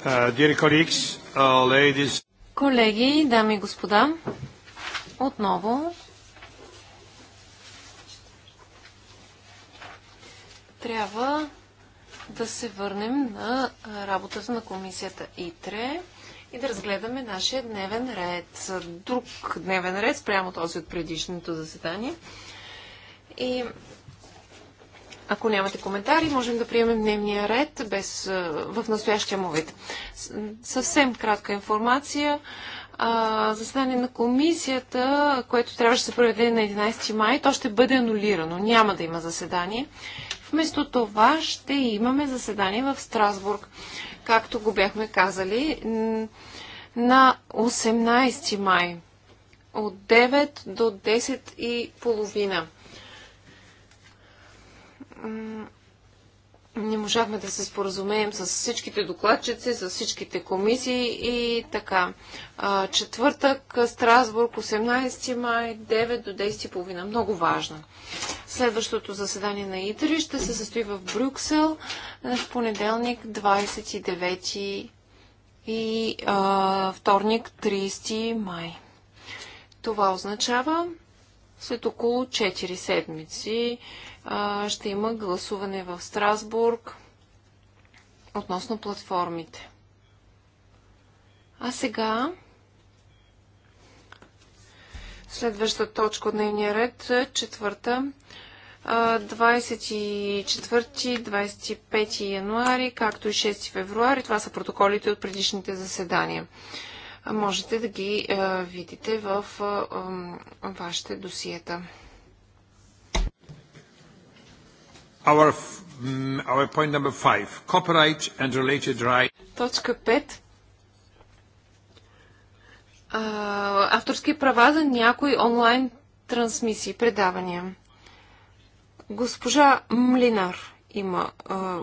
Uh, uh, Колеги, дами и господа, отново трябва да се върнем на работата на комисията ИТРЕ и да разгледаме нашия дневен ред. Друг дневен ред, спрямо този от предишното заседание. И ако нямате коментари, можем да приемем дневния ред без, в настоящия му вид. Съвсем кратка информация. Заседание на комисията, което трябваше да се проведе на 11 май, то ще бъде анулирано. Няма да има заседание. Вместо това ще имаме заседание в Страсбург, както го бяхме казали, на 18 май от 9 до 10 и половина не можахме да се споразумеем с всичките докладчици, с всичките комисии и така. Четвъртък, Страсбург, 18 май, 9 до 10.30. Много важно. Следващото заседание на ИТРИ ще се състои в Брюксел е, в понеделник, 29 и а, вторник, 30 май. Това означава, след около 4 седмици а, ще има гласуване в Страсбург относно платформите. А сега следваща точка от дневния ред, четвърта. 24-25 януари, както и 6 февруари. Това са протоколите от предишните заседания можете да ги видите в вашите досиета. Our, our point number five, copyright and related Точка 5 авторски права за някои онлайн трансмисии, предавания. Госпожа Млинар има. А,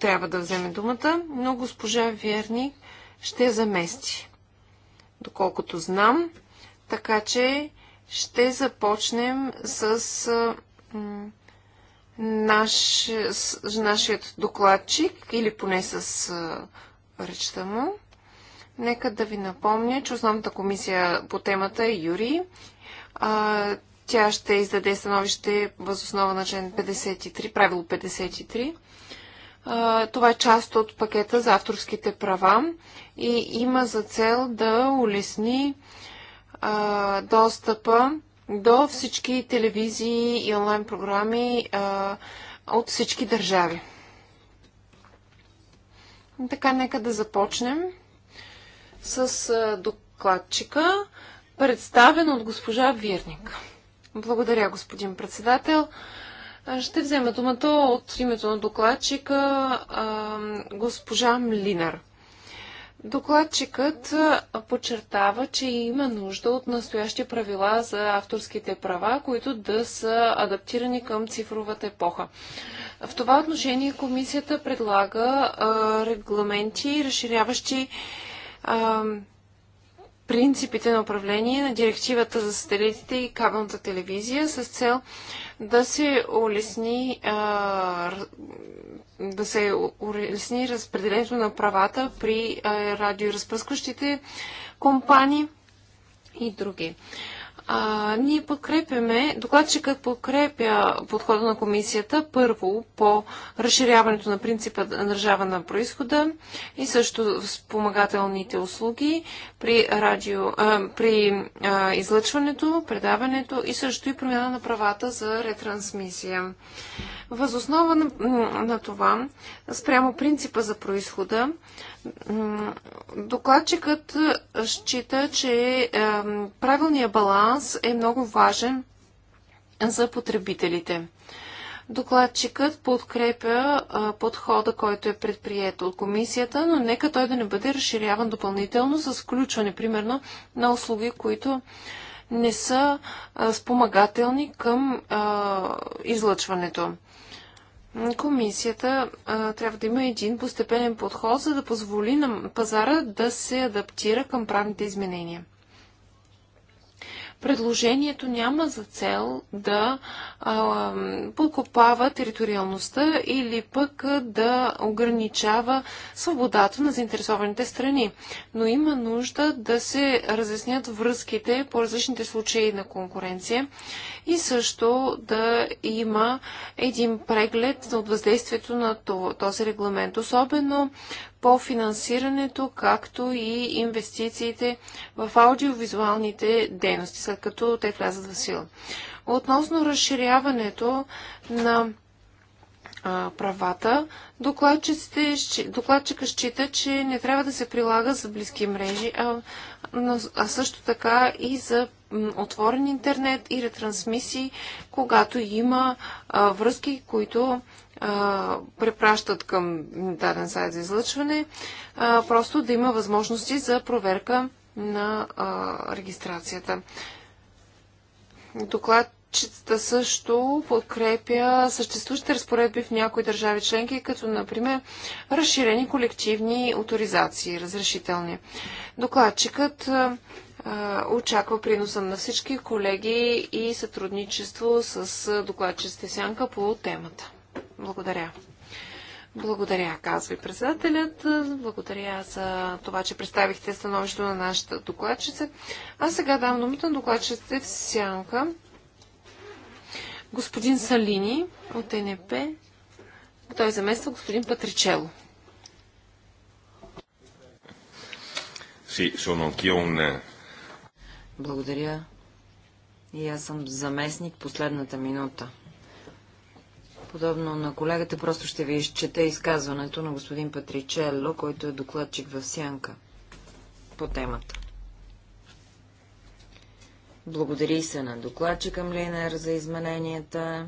трябва да вземе думата, но госпожа Верни ще замести. Доколкото знам, така че ще започнем с наш, с нашият докладчик или поне с речта му. Нека да ви напомня, че основната комисия по темата е Юри. А, тя ще издаде становище възоснова на член 53, правило 53. Това е част от пакета за авторските права и има за цел да улесни достъпа до всички телевизии и онлайн програми от всички държави. Така, нека да започнем с докладчика, представен от госпожа Вирник. Благодаря, господин председател. Ще взема думата от името на докладчика госпожа Млинар. Докладчикът подчертава, че има нужда от настоящи правила за авторските права, които да са адаптирани към цифровата епоха. В това отношение комисията предлага регламенти, разширяващи принципите на управление на директивата за сателитите и кабелната телевизия с цел да се улесни, а, да се улесни разпределението на правата при радиоразпръскващите компании и други. А, ние подкрепяме, докладчикът подкрепя подхода на комисията първо по разширяването на принципа на държава на происхода и също спомагателните услуги при, радио, а, при а, излъчването, предаването и също и промяна на правата за ретрансмисия. Възоснова на, на това, спрямо принципа за происхода, докладчикът счита, че правилният баланс е много важен за потребителите. Докладчикът подкрепя а, подхода, който е предприят от комисията, но нека той да не бъде разширяван допълнително с включване, примерно, на услуги, които не са а, спомагателни към а, излъчването комисията а, трябва да има един постепенен подход, за да позволи на пазара да се адаптира към правните изменения. Предложението няма за цел да а, покупава териториалността или пък да ограничава свободата на заинтересованите страни, но има нужда да се разяснят връзките по различните случаи на конкуренция и също да има един преглед от въздействието на този регламент, особено по финансирането, както и инвестициите в аудиовизуалните дейности, след като те влязат в сила. Относно разширяването на правата, докладчика счита, че не трябва да се прилага за близки мрежи, а, а също така и за отворен интернет и ретрансмисии, когато има а, връзки, които а, препращат към даден сайт за излъчване, а, просто да има възможности за проверка на а, регистрацията. Докладчицата също подкрепя съществуващите разпоредби в някои държави членки, като например разширени колективни авторизации, разрешителни. Докладчикът очаква приноса на всички колеги и сътрудничество с докладчиците Сянка по темата. Благодаря. Благодаря, казва и председателят. Благодаря за това, че представихте становището на нашата докладчица. А сега дам думата на докладчиците в Сянка. Господин Салини от НП. Той замества господин Патричело. Sì, sono anch'io un благодаря. И аз съм заместник последната минута. Подобно на колегата, просто ще ви изчета изказването на господин Патричелло, който е докладчик в Сянка по темата. Благодари се на докладчика Млинер за измененията.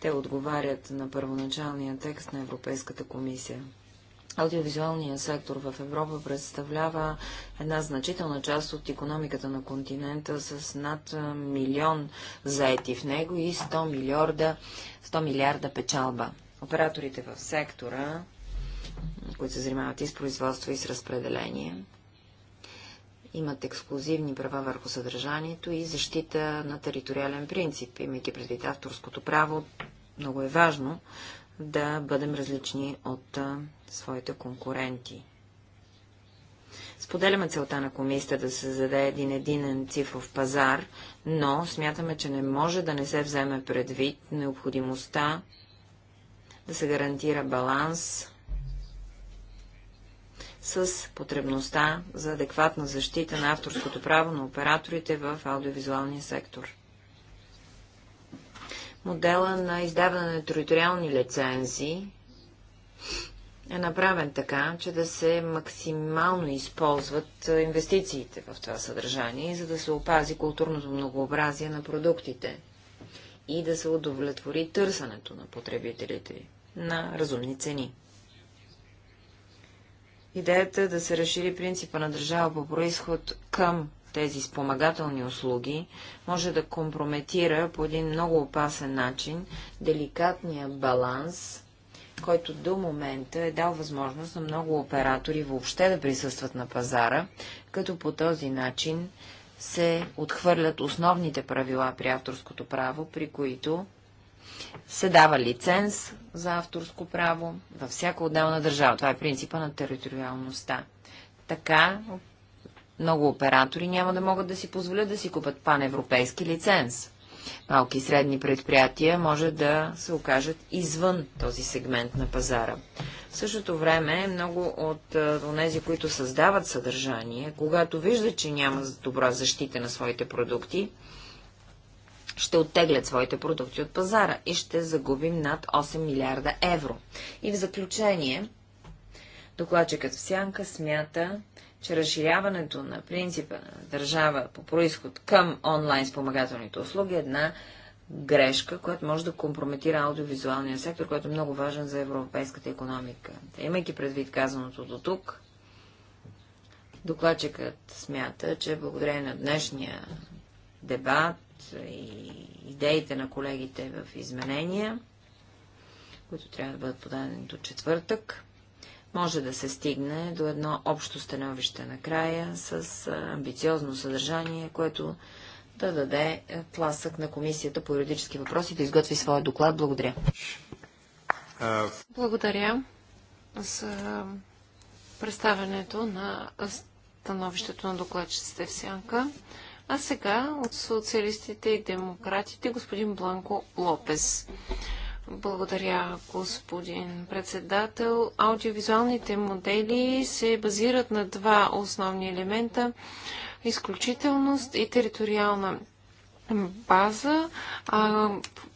Те отговарят на първоначалния текст на Европейската комисия. Аудиовизуалният сектор в Европа представлява една значителна част от економиката на континента с над милион заети в него и 100 милиарда, 100 милиарда печалба. Операторите в сектора, които се занимават и с производство и с разпределение, имат ексклюзивни права върху съдържанието и защита на териториален принцип, имайки предвид авторското право. Много е важно да бъдем различни от а, своите конкуренти. Споделяме целта на комисията да се заде един единен цифров пазар, но смятаме, че не може да не се вземе предвид необходимостта да се гарантира баланс с потребността за адекватна защита на авторското право на операторите в аудиовизуалния сектор. Модела на издаване на териториални лицензии е направен така, че да се максимално използват инвестициите в това съдържание, за да се опази културното многообразие на продуктите и да се удовлетвори търсенето на потребителите на разумни цени. Идеята е да се разшири принципа на държава по происход към тези спомагателни услуги може да компрометира по един много опасен начин деликатния баланс, който до момента е дал възможност на много оператори въобще да присъстват на пазара, като по този начин се отхвърлят основните правила при авторското право, при които се дава лиценз за авторско право във всяка отделна държава. Това е принципа на териториалността. Така много оператори няма да могат да си позволят да си купат паневропейски лиценз. Малки и средни предприятия може да се окажат извън този сегмент на пазара. В същото време много от тези, които създават съдържание, когато виждат, че няма добра защита на своите продукти, ще оттеглят своите продукти от пазара и ще загубим над 8 милиарда евро. И в заключение, докладчикът в Сянка смята, че разширяването на принципа на държава по происход към онлайн спомагателните услуги е една грешка, която може да компрометира аудиовизуалния сектор, който е много важен за европейската економика. Имайки предвид казаното до тук, докладчикът смята, че благодарение на днешния дебат и идеите на колегите в изменения, които трябва да бъдат подадени до четвъртък, може да се стигне до едно общо становище накрая с амбициозно съдържание, което да даде е, тласък на Комисията по юридически въпроси да изготви своя доклад. Благодаря. Благодаря за представянето на становището на докладчиците в Сянка. А сега от социалистите и демократите господин Бланко Лопес. Благодаря, господин председател. Аудиовизуалните модели се базират на два основни елемента изключителност и териториална база.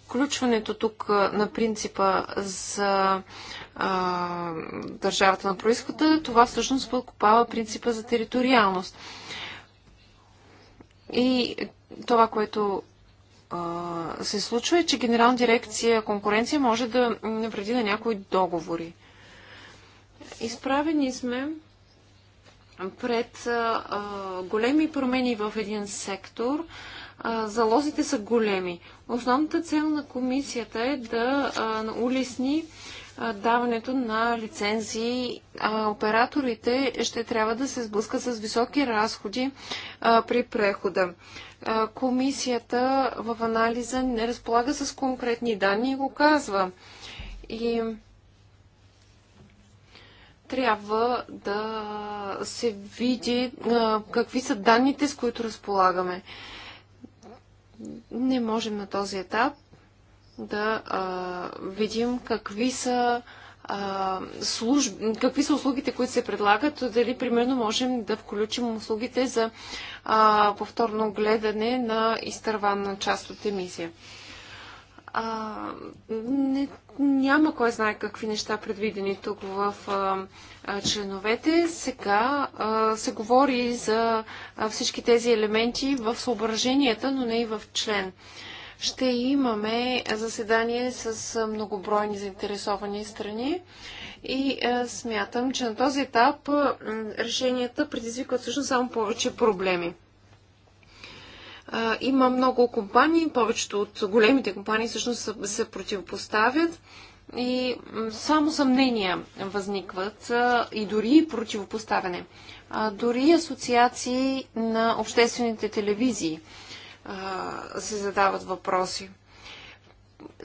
включването тук на принципа за а, държавата на происхода, това всъщност подкопава принципа за териториалност. И това, което се случва е, че Генерална дирекция конкуренция може да навреди на някои договори. Изправени сме пред а, големи промени в един сектор. А, залозите са големи. Основната цел на комисията е да а, улесни даването на лицензии, операторите ще трябва да се сблъскат с високи разходи а, при прехода. А, комисията в анализа не разполага с конкретни данни и го казва. И трябва да се види а, какви са данните, с които разполагаме. Не можем на този етап да а, видим какви са а, служб... какви са услугите, които се предлагат, дали примерно можем да включим услугите за а, повторно гледане на изтървана част от емисия. А, не, няма кой знае какви неща предвидени тук в а, членовете. Сега а, се говори за а, всички тези елементи в съображенията, но не и в член. А, ще имаме заседание с многобройни заинтересовани страни и е, смятам, че на този етап е, решенията предизвикват всъщност само повече проблеми. Е, има много компании, повечето от големите компании всъщност се противопоставят и само съмнения възникват и дори противопоставяне. Дори асоциации на обществените телевизии – се задават въпроси.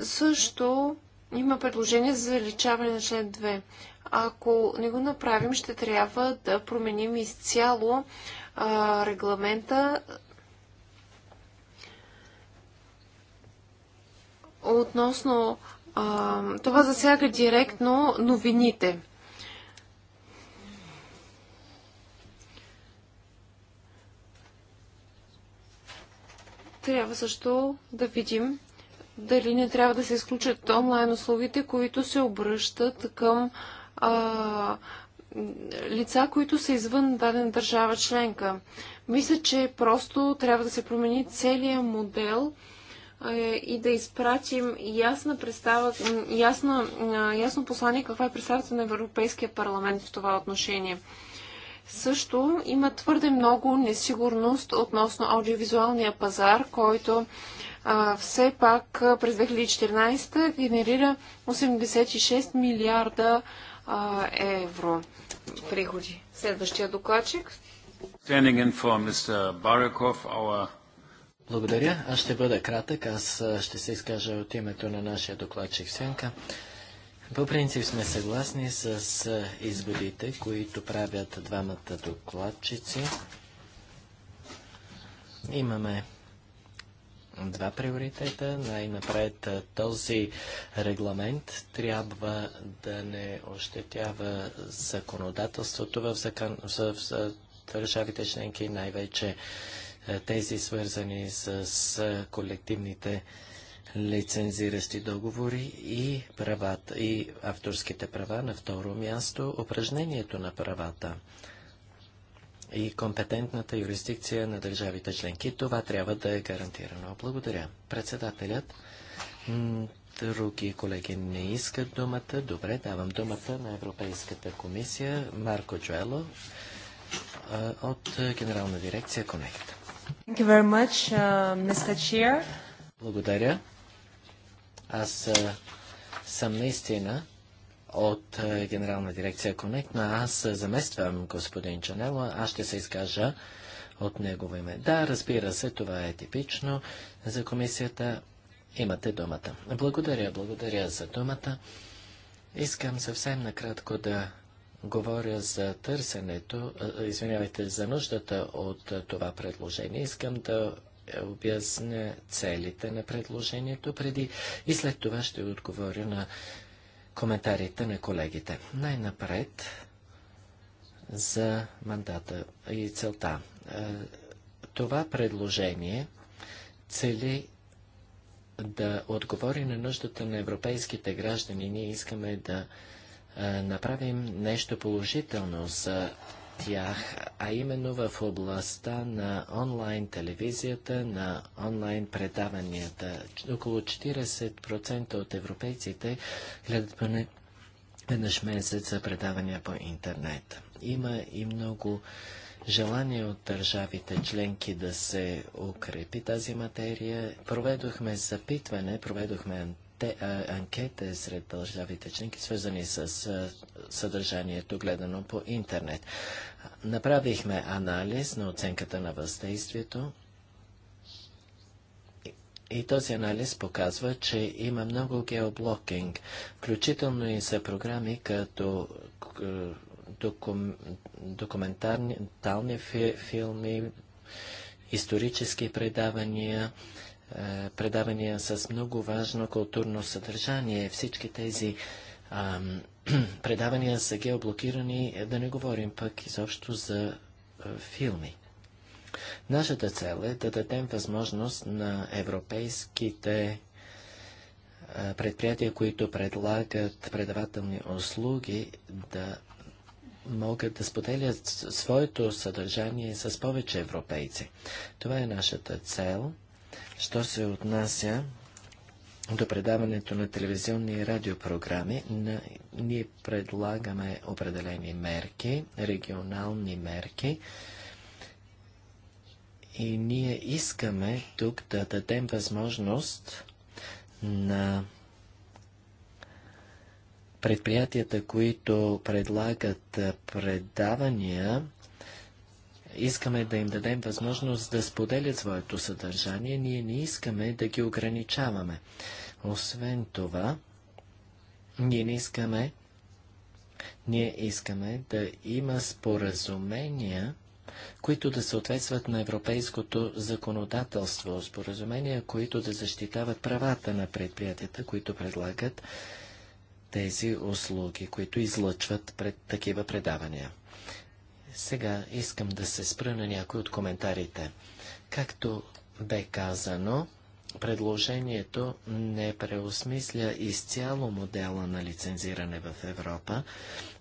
Също има предложение за заличаване на член 2. Ако не го направим, ще трябва да променим изцяло а, регламента относно а, това засяга директно новините. Трябва също да видим дали не трябва да се изключат онлайн услугите, които се обръщат към а, лица, които са извън дадена държава членка. Мисля, че просто трябва да се промени целият модел а, и да изпратим ясна представа, ясна, ясно послание каква е представата на Европейския парламент в това отношение също има твърде много несигурност относно аудиовизуалния пазар, който а, все пак през 2014 генерира 86 милиарда а, евро приходи. Следващия докладчик. Благодаря. Аз ще бъда кратък. Аз ще се изкажа от името на нашия докладчик Сенка. По принцип сме съгласни с изводите, които правят двамата докладчици. Имаме два приоритета. Най-напред този регламент трябва да не ощетява законодателството в, закон... в, в държавите членки, най-вече тези свързани с колективните лицензиращи договори и, правата, и авторските права. На второ място упражнението на правата и компетентната юрисдикция на държавите членки. Това трябва да е гарантирано. Благодаря. Председателят, други колеги не искат думата. Добре, давам думата на Европейската комисия. Марко Джуело от Генерална дирекция Конект. Uh, Благодаря. Аз съм наистина от Генерална дирекция Конект, но аз замествам господин Чанело, аз ще се изкажа от негово име. Да, разбира се, това е типично за комисията. Имате думата. Благодаря, благодаря за думата. Искам съвсем накратко да говоря за търсенето, извинявайте, за нуждата от това предложение. Искам да е, обясня целите на предложението преди и след това ще отговоря на коментарите на колегите. Най-напред за мандата и целта. Е, това предложение цели да отговори на нуждата на европейските граждани. Ние искаме да е, направим нещо положително за тях, а именно в областта на онлайн телевизията, на онлайн предаванията. Около 40% от европейците гледат поне веднъж месец за предавания по интернет. Има и много желание от държавите членки да се укрепи тази материя. Проведохме запитване, проведохме те, а, анкета е сред държавите членки, свързани с а, съдържанието, гледано по интернет. Направихме анализ на оценката на въздействието и този анализ показва, че има много геоблокинг, включително и за програми като е, докум, документални фи, филми, исторически предавания, е, предавания с много важно културно съдържание. Всички тези а, предавания са геоблокирани, е, да не говорим пък изобщо за а, е, филми. Нашата цел е да дадем възможност на европейските а, предприятия, които предлагат предавателни услуги, да могат да споделят своето съдържание с повече европейци. Това е нашата цел – Що се отнася до предаването на телевизионни и радиопрограми, на, ние предлагаме определени мерки, регионални мерки, и ние искаме тук да дадем възможност на предприятията, които предлагат предавания Искаме да им дадем възможност да споделят своето съдържание, ние не искаме да ги ограничаваме. Освен това, ние не искаме, ние искаме да има споразумения, които да съответстват на европейското законодателство, споразумения, които да защитават правата на предприятията, които предлагат тези услуги, които излъчват пред такива предавания. Сега искам да се спра на някои от коментарите. Както бе казано, предложението не преосмисля изцяло модела на лицензиране в Европа,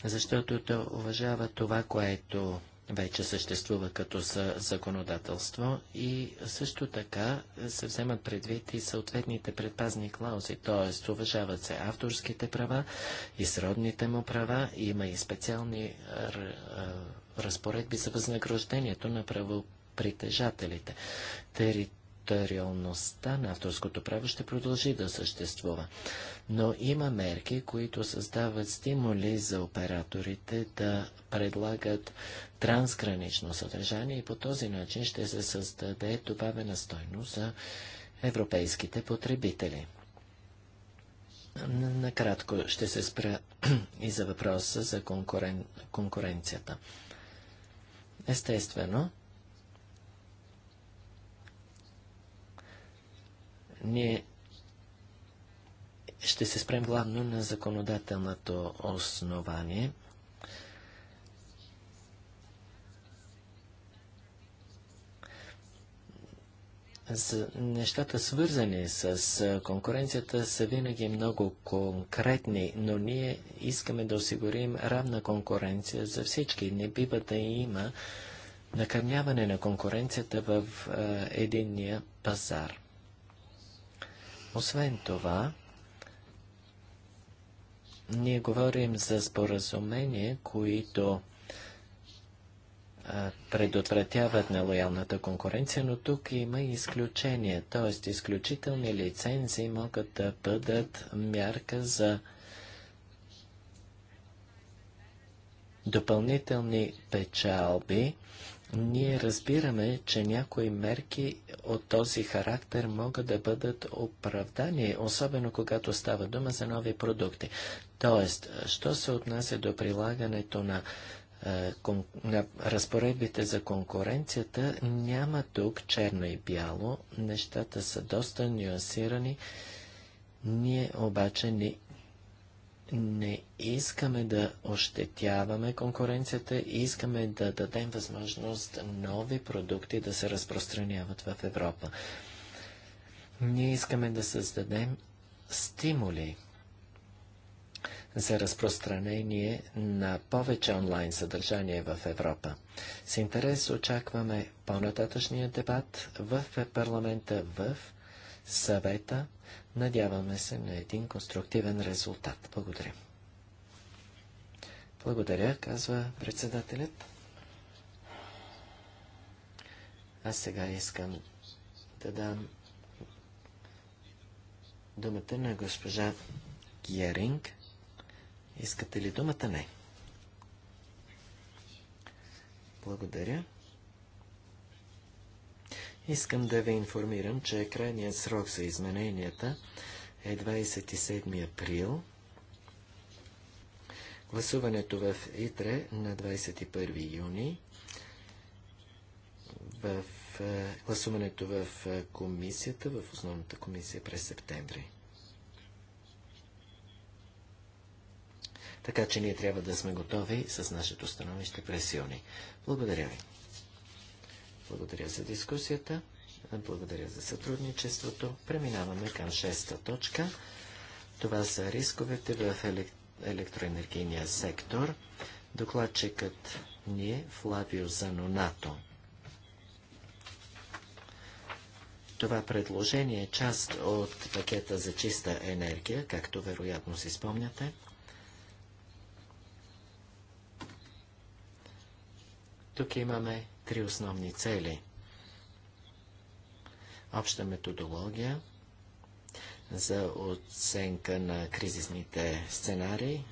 защото то уважава това, което вече съществува като законодателство и също така се вземат предвид и съответните предпазни клаузи, т.е. уважават се авторските права и сродните му права, има и специални разпоредби за възнаграждението на правопритежателите. Териториалността на авторското право ще продължи да съществува, но има мерки, които създават стимули за операторите да предлагат трансгранично съдържание и по този начин ще се създаде добавена стойност за европейските потребители. Накратко ще се спра и за въпроса за конкурен... конкуренцията. Естествено, ние ще се спрем главно на законодателното основание – за нещата свързани с конкуренцията са винаги много конкретни, но ние искаме да осигурим равна конкуренция за всички. Не бива да има накърняване на конкуренцията в единния пазар. Освен това, ние говорим за споразумение, които предотвратяват нелоялната конкуренция, но тук има изключения, т.е. изключителни лицензии могат да бъдат мярка за допълнителни печалби. Ние разбираме, че някои мерки от този характер могат да бъдат оправдани, особено когато става дума за нови продукти. Тоест, що се отнася до прилагането на е, разпоредбите за конкуренцията няма тук черно и бяло. Нещата са доста нюансирани. Ние обаче не, не искаме да ощетяваме конкуренцията, искаме да дадем възможност нови продукти да се разпространяват в Европа. Ние искаме да създадем стимули за разпространение на повече онлайн съдържание в Европа. С интерес очакваме по-нататъчния дебат в парламента, в съвета. Надяваме се на един конструктивен резултат. Благодаря. Благодаря, казва председателят. Аз сега искам да дам думата на госпожа Геринг, Искате ли думата? Не. Благодаря. Искам да ви информирам, че крайният срок за измененията е 27 април. Гласуването в ИТРЕ на 21 юни. В, е, гласуването в е, комисията, в основната комисия през септември. Така че ние трябва да сме готови с нашето становище през юни. Благодаря ви. Благодаря за дискусията. Благодаря за сътрудничеството. Преминаваме към шеста точка. Това са рисковете в електроенергийния сектор. Докладчикът ни е Флавио Занонато. Това предложение е част от пакета за чиста енергия, както вероятно си спомняте. Тук имаме три основни цели. Обща методология за оценка на кризисните сценарии,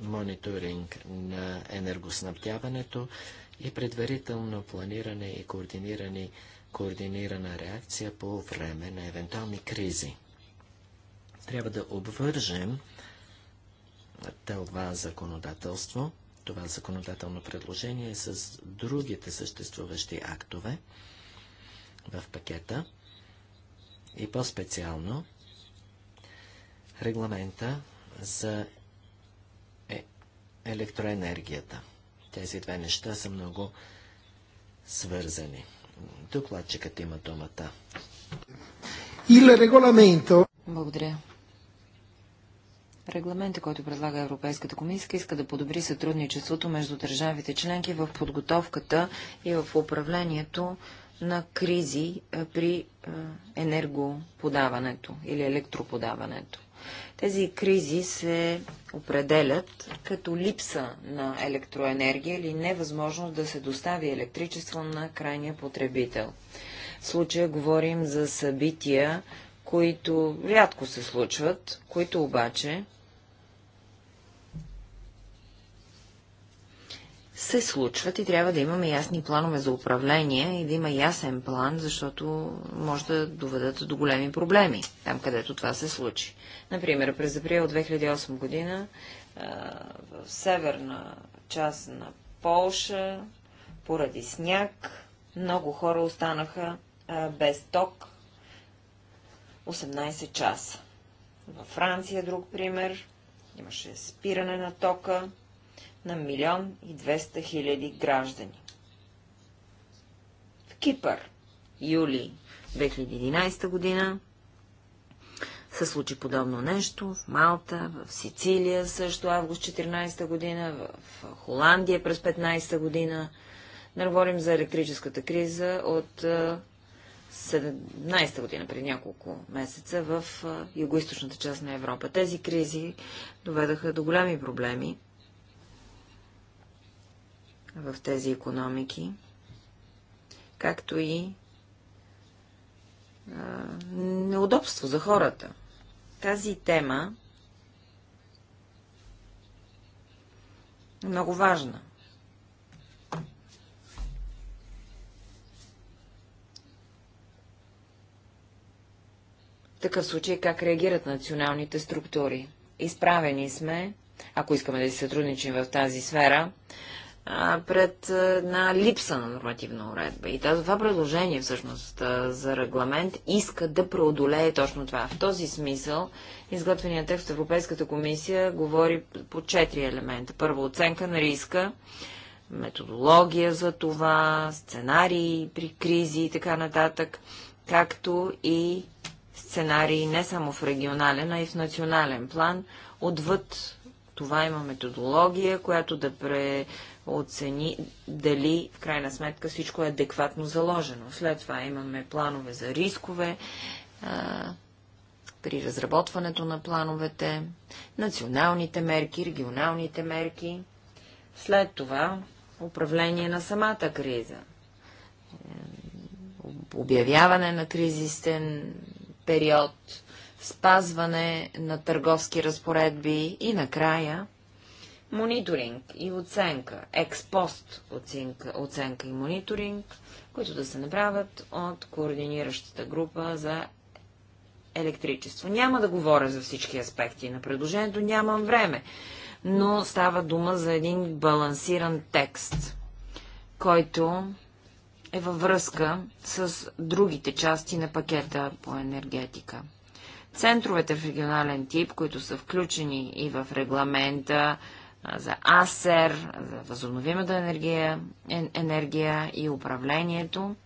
мониторинг на енергоснабдяването и предварително планиране и координирани, координирана реакция по време на евентуални кризи. Трябва да обвържем това законодателство – това законодателно предложение с другите съществуващи актове в пакета и по-специално регламента за е, електроенергията. Тези две неща са много свързани. Докладчикът има думата. Благодаря. Регламента, който предлага Европейската комисия, иска да подобри сътрудничеството между държавите членки в подготовката и в управлението на кризи при енергоподаването или електроподаването. Тези кризи се определят като липса на електроенергия или невъзможност да се достави електричество на крайния потребител. В случая говорим за събития, които рядко се случват, които обаче се случват и трябва да имаме ясни планове за управление и да има ясен план, защото може да доведат до големи проблеми, там където това се случи. Например, през април 2008 година в северна част на Полша, поради сняг, много хора останаха без ток 18 часа. Във Франция, е друг пример, имаше спиране на тока на милион и 200 хиляди граждани. В Кипър, юли 2011 година, се случи подобно нещо в Малта, в Сицилия също август 14 година, в Холандия през 15 година. Не говорим за електрическата криза от 2017 година, при няколко месеца, в югоисточната част на Европа. Тези кризи доведаха до големи проблеми в тези економики, както и а, неудобство за хората. Тази тема е много важна. такъв случай как реагират националните структури. Изправени сме, ако искаме да си сътрудничим в тази сфера, пред една липса на нормативна уредба. И това предложение всъщност за регламент иска да преодолее точно това. В този смисъл изготвеният текст в Европейската комисия говори по четири елемента. Първо оценка на риска, методология за това, сценарии при кризи и така нататък, както и сценарии не само в регионален, а и в национален план. Отвъд това има методология, която да преоцени дали в крайна сметка всичко е адекватно заложено. След това имаме планове за рискове при разработването на плановете, националните мерки, регионалните мерки. След това управление на самата криза, обявяване на кризистен период, спазване на търговски разпоредби и накрая мониторинг и оценка, експост оценка, оценка и мониторинг, които да се направят от координиращата група за електричество. Няма да говоря за всички аспекти на предложението, нямам време, но става дума за един балансиран текст, който е във връзка с другите части на пакета по енергетика. Центровете в регионален тип, които са включени и в регламента за АСЕР, за възобновимата енергия, енергия и управлението,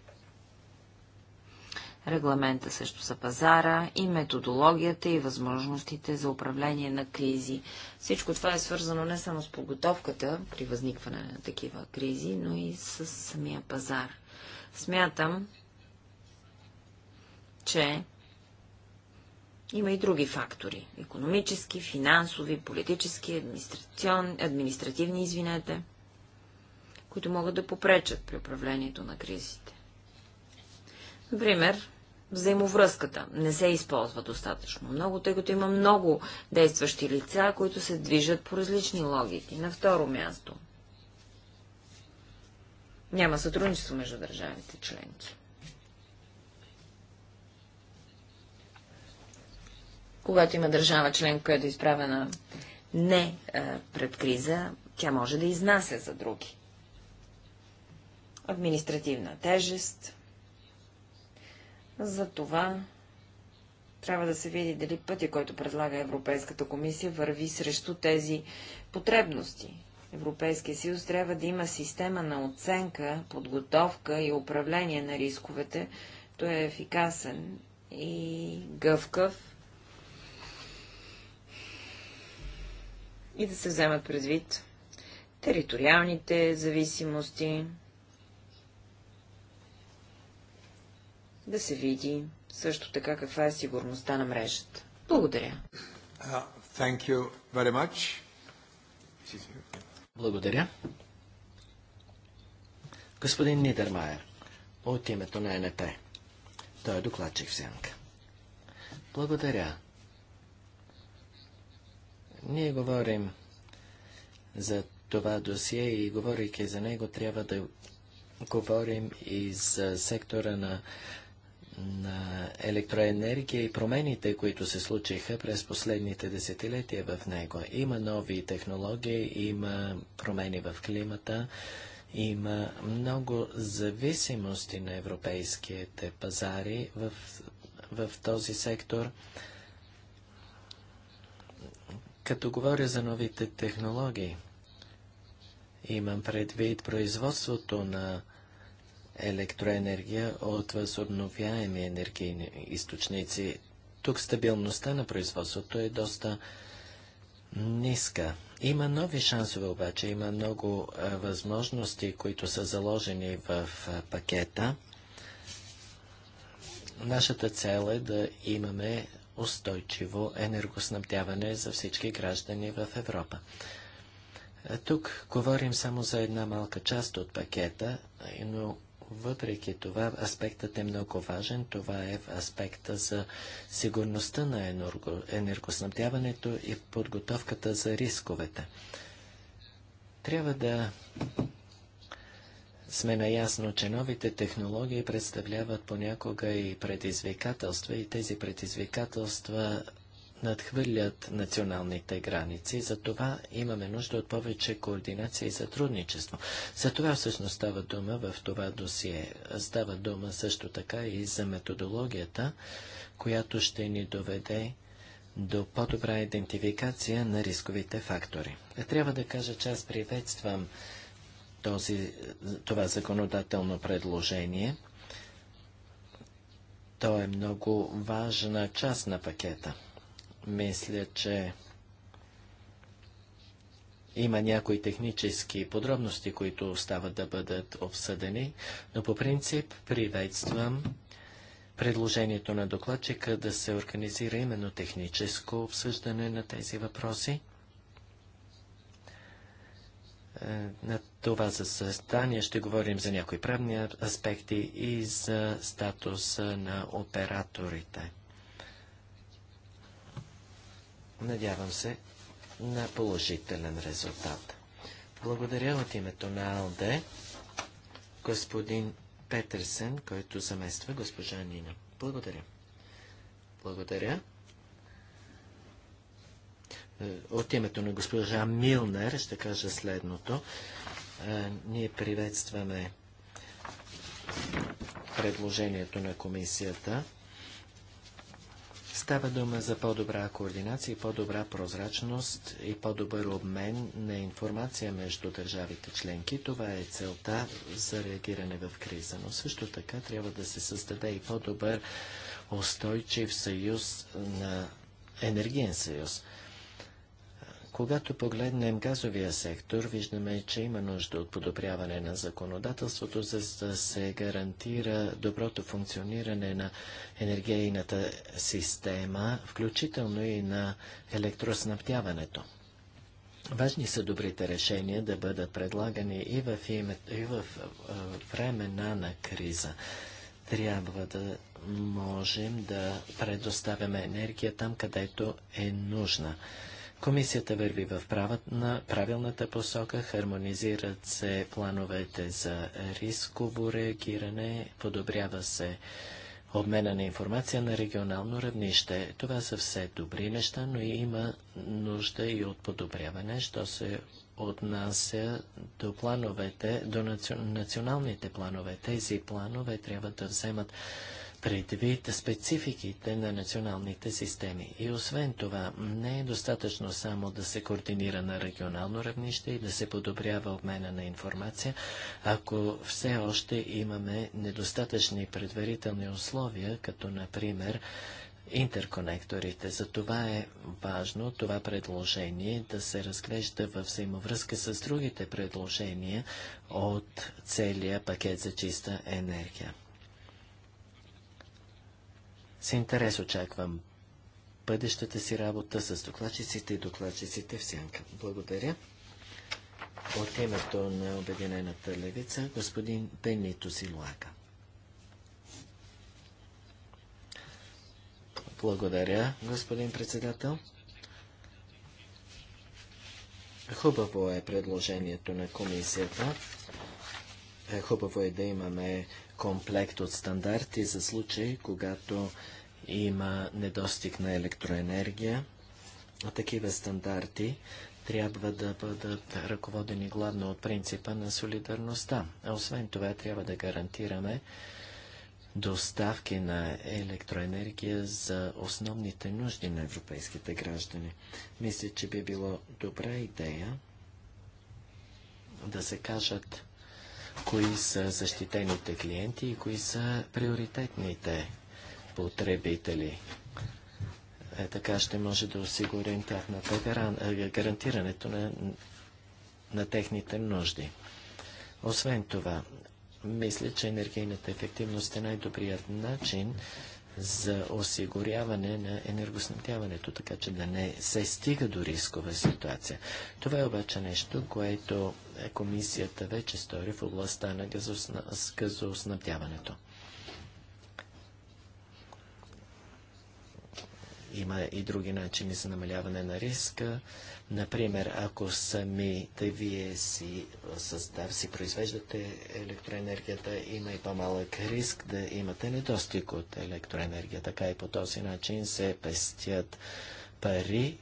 регламента също за пазара и методологията и възможностите за управление на кризи. Всичко това е свързано не само с подготовката при възникване на такива кризи, но и с самия пазар. Смятам, че има и други фактори. Економически, финансови, политически, административни, извинете, които могат да попречат при управлението на кризите. Например, взаимовръзката не се използва достатъчно много, тъй като има много действащи лица, които се движат по различни логики. На второ място – няма сътрудничество между държавите членки. Когато има държава член, която е изправена не е, пред криза, тя може да изнася за други. Административна тежест. За това трябва да се види дали пътя, който предлага Европейската комисия, върви срещу тези потребности. Европейския съюз трябва да има система на оценка, подготовка и управление на рисковете. Той е ефикасен и гъвкав. И да се вземат предвид териториалните зависимости, да се види също така каква е сигурността на мрежата. Благодаря. Uh, thank you very much. Благодаря. Господин Нидермайер, от името на НП. Той е докладчик в сянка. Благодаря. Ние говорим за това досие и говорейки за него, трябва да говорим и за сектора на на електроенергия и промените, които се случиха през последните десетилетия в него. Има нови технологии, има промени в климата, има много зависимости на европейските пазари в, в този сектор. Като говоря за новите технологии, имам предвид производството на електроенергия от възобновяеми енергийни източници. Тук стабилността на производството е доста ниска. Има нови шансове обаче, има много възможности, които са заложени в пакета. Нашата цел е да имаме устойчиво енергоснабдяване за всички граждани в Европа. тук говорим само за една малка част от пакета, но въпреки това, аспектът е много важен. Това е в аспекта за сигурността на енергоснабдяването и подготовката за рисковете. Трябва да сме наясно, че новите технологии представляват понякога и предизвикателства и тези предизвикателства надхвърлят националните граници. Затова имаме нужда от повече координация и сътрудничество. За това всъщност става дума в това досие. Става дума също така и за методологията, която ще ни доведе до по-добра идентификация на рисковите фактори. Трябва да кажа, че аз приветствам този, това законодателно предложение. То е много важна част на пакета. Мисля, че има някои технически подробности, които остават да бъдат обсъдени, но по принцип приветствам предложението на докладчика да се организира именно техническо обсъждане на тези въпроси. Е, на това състание ще говорим за някои правни аспекти и за статуса на операторите. Надявам се на положителен резултат. Благодаря от името на АЛД, господин Петърсен, който замества госпожа Нина. Благодаря. Благодаря. Е, от името на госпожа Милнер ще кажа следното. Е, ние приветстваме предложението на комисията Става дума за по-добра координация и по-добра прозрачност и по-добър обмен на информация между държавите членки. Това е целта за реагиране в криза. Но също така трябва да се създаде и по-добър устойчив съюз на енергиен съюз. Когато погледнем газовия сектор, виждаме, че има нужда от подобряване на законодателството, за да се гарантира доброто функциониране на енергийната система, включително и на електроснабдяването. Важни са добрите решения да бъдат предлагани и в, име, и в времена на криза. Трябва да можем да предоставяме енергия там, където е нужна. Комисията върви в права, на правилната посока, хармонизират се плановете за рисково реагиране, подобрява се обмена на информация на регионално равнище. Това са все добри неща, но и има нужда и от подобряване, що се отнася до плановете, до националните планове. Тези планове трябва да вземат предвид спецификите на националните системи. И освен това, не е достатъчно само да се координира на регионално равнище и да се подобрява обмена на информация, ако все още имаме недостатъчни предварителни условия, като например интерконекторите. За това е важно това предложение да се разглежда във взаимовръзка с другите предложения от целия пакет за чиста енергия. С интерес очаквам бъдещата си работа с докладчиците и докладчиците в сянка. Благодаря. От името на Обединената левица, господин Бенито Силуака. Благодаря, господин председател. Хубаво е предложението на комисията. Е, хубаво е да имаме комплект от стандарти за случаи, когато има недостиг на електроенергия. а Такива стандарти трябва да бъдат ръководени главно от принципа на солидарността. А освен това, трябва да гарантираме доставки на електроенергия за основните нужди на европейските граждани. Мисля, че би било добра идея да се кажат кои са защитените клиенти и кои са приоритетните потребители. Е, така ще може да осигурим тяхната гаран... Е, гарантирането на, на техните нужди. Освен това, мисля, че енергийната ефективност е най-добрият начин за осигуряване на енергоснабдяването, така че да не се стига до рискова ситуация. Това е обаче нещо, което комисията вече стори в областта на газосна... Има и други начини за намаляване на риска. Например, ако самите вие си, създав, си произвеждате електроенергията, има и по-малък риск да имате недостиг от електроенергия. Така и по този начин се пестят пари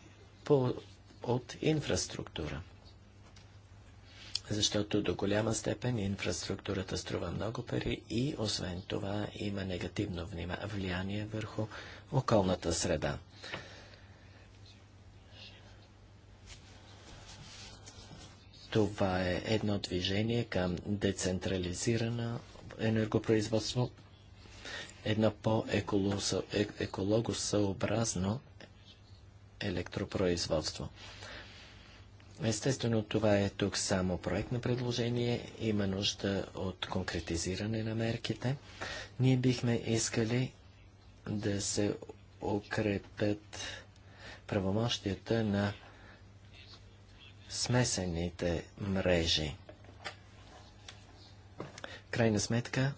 по, от инфраструктура защото до голяма степен инфраструктурата струва много пари и освен това има негативно влияние върху околната среда. Това е едно движение към децентрализирана енергопроизводство, едно по-екологосъобразно е- електропроизводство. Естествено, това е тук само проект на предложение, има нужда от конкретизиране на мерките. Ние бихме искали да се укрепят правомощията на смесените мрежи. Крайна сметка,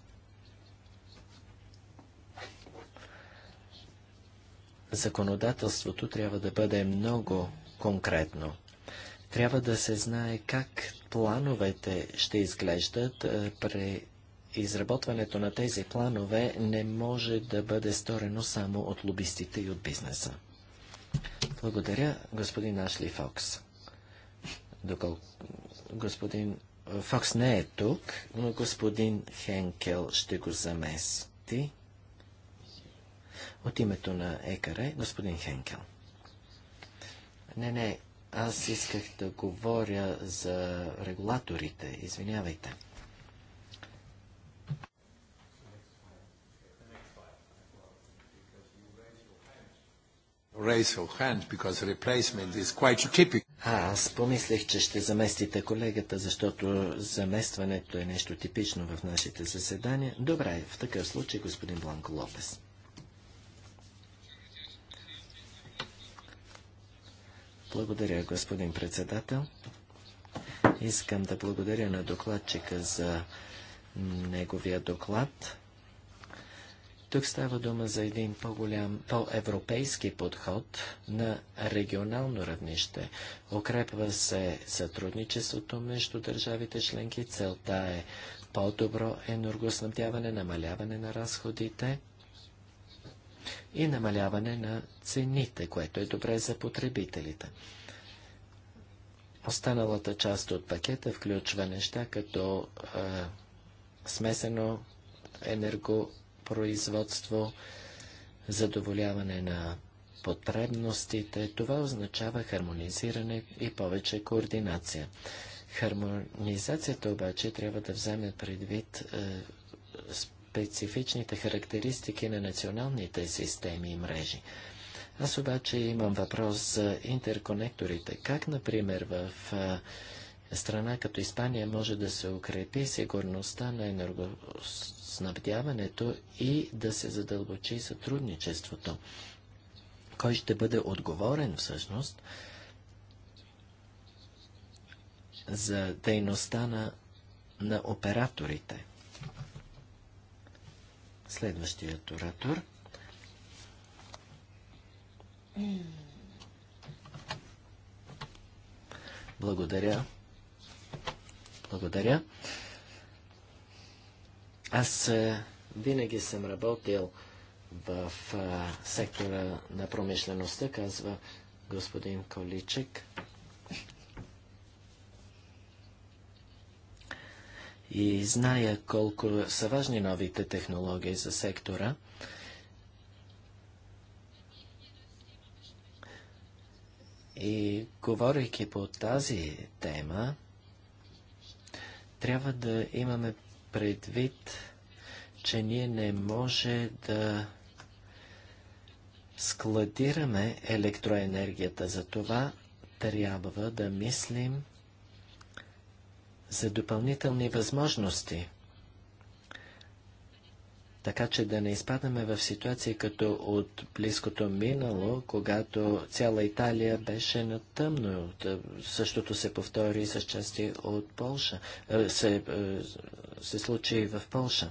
законодателството трябва да бъде много конкретно. Трябва да се знае как плановете ще изглеждат при изработването на тези планове не може да бъде сторено само от лобистите и от бизнеса. Благодаря, господин Ашли Фокс. Докол... Господин Фокс не е тук, но господин Хенкел ще го замести. От името на ЕКАРЕ, господин Хенкел. Не, не, аз исках да говоря за регулаторите. Извинявайте. А, аз помислих, че ще заместите колегата, защото заместването е нещо типично в нашите заседания. Добре, в такъв случай господин Бланко Лопес. Благодаря, господин председател. Искам да благодаря на докладчика за неговия доклад. Тук става дума за един по-голям, по-европейски подход на регионално равнище. Укрепва се сътрудничеството между държавите членки. Целта е по-добро енергоснабдяване, намаляване на разходите и намаляване на цените, което е добре за потребителите. Останалата част от пакета включва неща като е, смесено енерго производство, задоволяване на потребностите. Това означава хармонизиране и повече координация. Хармонизацията обаче трябва да вземе предвид е, специфичните характеристики на националните системи и мрежи. Аз обаче имам въпрос за интерконекторите. Как, например, в е, страна като Испания може да се укрепи сигурността на енергос снабдяването и да се задълбочи сътрудничеството. Кой ще бъде отговорен всъщност за дейността на, на операторите? Следващият оратор. Благодаря. Благодаря. Аз винаги съм работил в а, сектора на промишлеността, казва господин Количек. И зная колко са важни новите технологии за сектора. И говорейки по тази тема, трябва да имаме предвид, че ние не може да складираме електроенергията. За това трябва да мислим за допълнителни възможности така че да не изпадаме в ситуация като от близкото минало, когато цяла Италия беше на тъмно. Същото се повтори с части от Полша. Е, се, е, се случи и в Полша,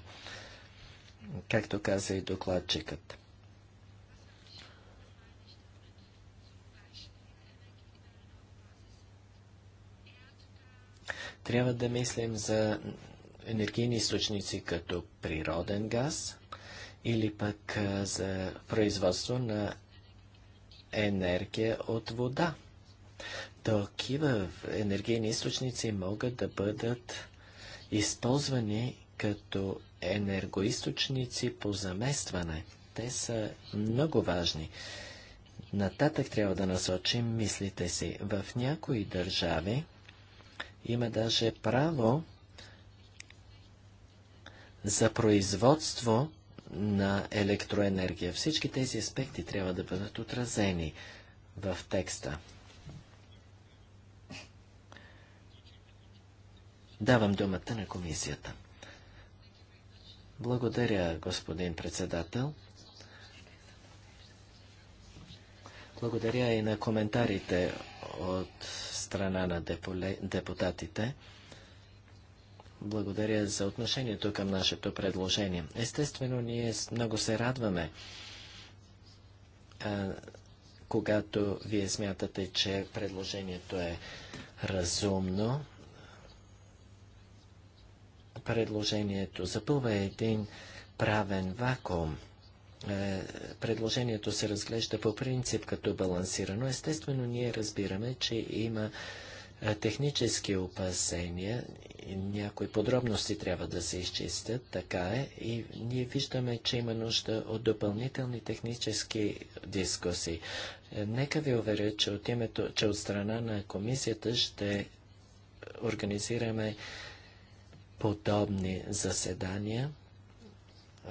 както каза и докладчикът. Трябва да мислим за енергийни източници като природен газ или пък за производство на енергия от вода. Такива енергийни източници могат да бъдат използвани като енергоисточници по заместване. Те са много важни. Нататък трябва да насочим мислите си. В някои държави има даже право за производство на електроенергия. Всички тези аспекти трябва да бъдат отразени в текста. Давам думата на комисията. Благодаря, господин председател. Благодаря и на коментарите от страна на депутатите. Благодаря за отношението към нашето предложение. Естествено, ние много се радваме, а, когато вие смятате, че предложението е разумно. Предложението запълва един правен вакуум. Е, предложението се разглежда по принцип като балансирано. Естествено, ние разбираме, че има е, технически опасения някои подробности трябва да се изчистят, така е, и ние виждаме, че има нужда от допълнителни технически дискусии. Е, нека ви уверя, че от, името, че от страна на комисията ще организираме подобни заседания,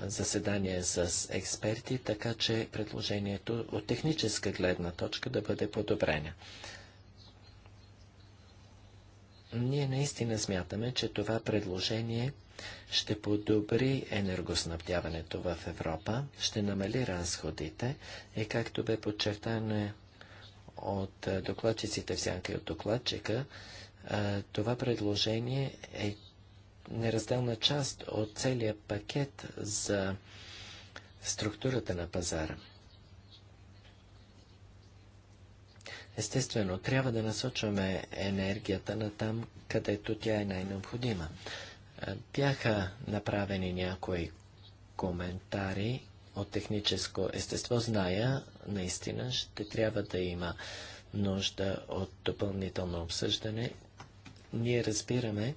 заседания с експерти, така че предложението от техническа гледна точка да бъде подобрено. Ние наистина смятаме, че това предложение ще подобри енергоснабдяването в Европа, ще намали разходите и както бе подчертано е от докладчиците в сянка и от докладчика, това предложение е неразделна част от целия пакет за структурата на пазара. Естествено, трябва да насочваме енергията на там, където тя е най-необходима. Е, бяха направени някои коментари от техническо естество. Зная, наистина ще трябва да има нужда от допълнително обсъждане. Ние разбираме,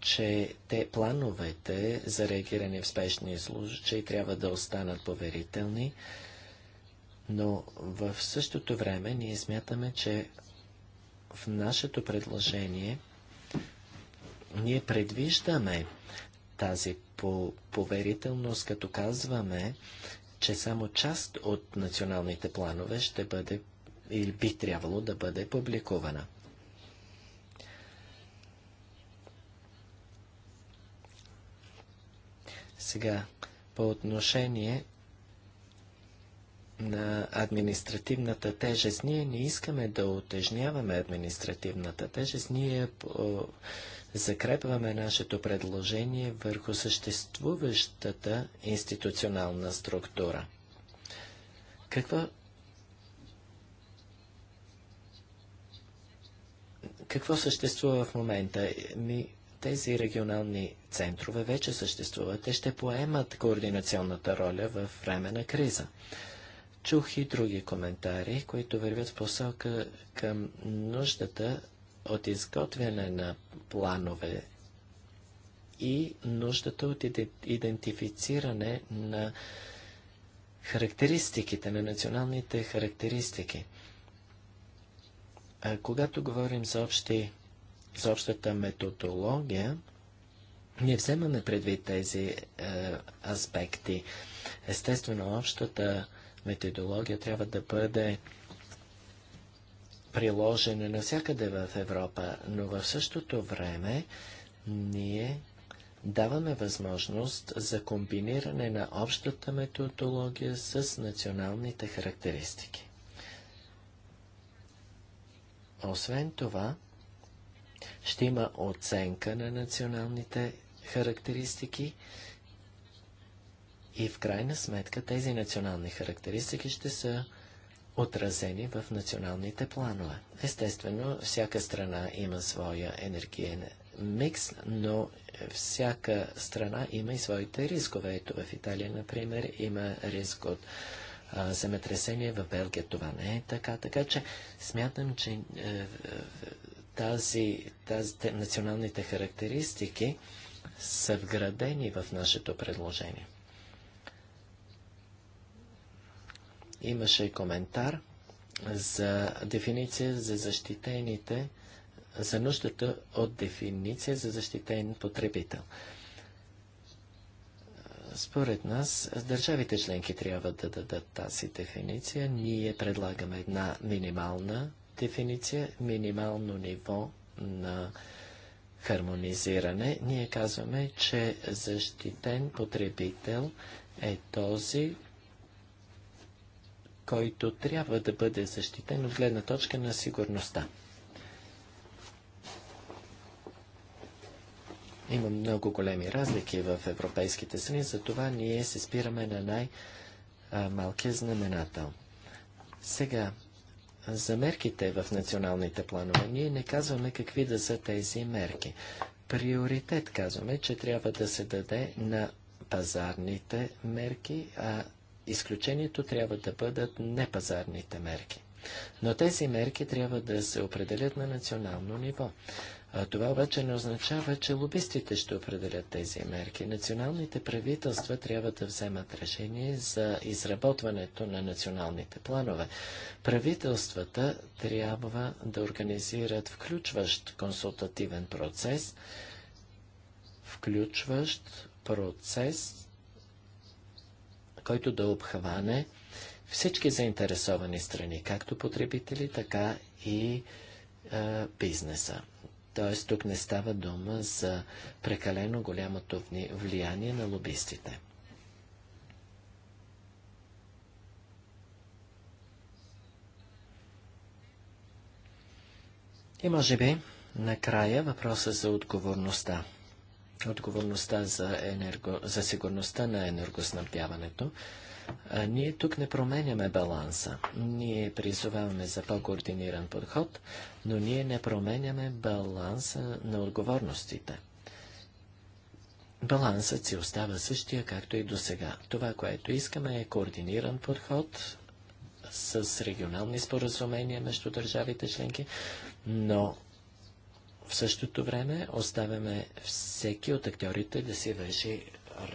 че те плановете за реагиране в спешни случаи трябва да останат поверителни. Но в същото време ние смятаме, че в нашето предложение ние предвиждаме тази поверителност, като казваме, че само част от националните планове ще бъде или би трябвало да бъде публикувана. Сега, по отношение на административната тежест. Ние не искаме да отежняваме административната тежест. Ние закрепваме нашето предложение върху съществуващата институционална структура. Какво, какво съществува в момента? Ми, тези регионални центрове вече съществуват. Те ще поемат координационната роля в време на криза. Чух и други коментари, които вървят в посока към нуждата от изготвяне на планове и нуждата от идентифициране на характеристиките, на националните характеристики. А когато говорим за, общи, за общата методология, не вземаме предвид тези е, аспекти. Естествено, общата методология трябва да бъде приложена навсякъде в Европа, но в същото време ние даваме възможност за комбиниране на общата методология с националните характеристики. Освен това, ще има оценка на националните характеристики и в крайна сметка тези национални характеристики ще са отразени в националните планове. Естествено, всяка страна има своя енергиен микс, но всяка страна има и своите рискове. Ето в Италия, например, има риск от земетресение, в Белгия това не е така. Така че смятам, че е, тази, тази националните характеристики са вградени в нашето предложение. Имаше коментар за дефиниция за защитените, за нуждата от дефиниция за защитен потребител. Според нас, държавите членки трябва да дадат тази дефиниция. Ние предлагаме една минимална дефиниция, минимално ниво на хармонизиране. Ние казваме, че защитен потребител е този, който трябва да бъде защитен от гледна точка на сигурността. Има много големи разлики в европейските страни, затова ние се спираме на най-малкия знаменател. Сега, за мерките в националните планове, ние не казваме какви да са тези мерки. Приоритет казваме, че трябва да се даде на пазарните мерки, а Изключението трябва да бъдат непазарните мерки. Но тези мерки трябва да се определят на национално ниво. А това обаче не означава, че лобистите ще определят тези мерки. Националните правителства трябва да вземат решение за изработването на националните планове. Правителствата трябва да организират включващ консултативен процес, включващ процес който да обхване всички заинтересовани страни, както потребители, така и е, бизнеса. Тоест тук не става дума за прекалено голямото влияние на лобистите. И може би, накрая въпроса за отговорността отговорността за, енерго, за сигурността на енергоснабдяването, а, ние тук не променяме баланса. Ние призоваваме за по-координиран подход, но ние не променяме баланса на отговорностите. Балансът си остава същия, както и до сега. Това, което искаме е координиран подход с регионални споразумения между държавите членки, но в същото време оставяме всеки от актьорите да си върши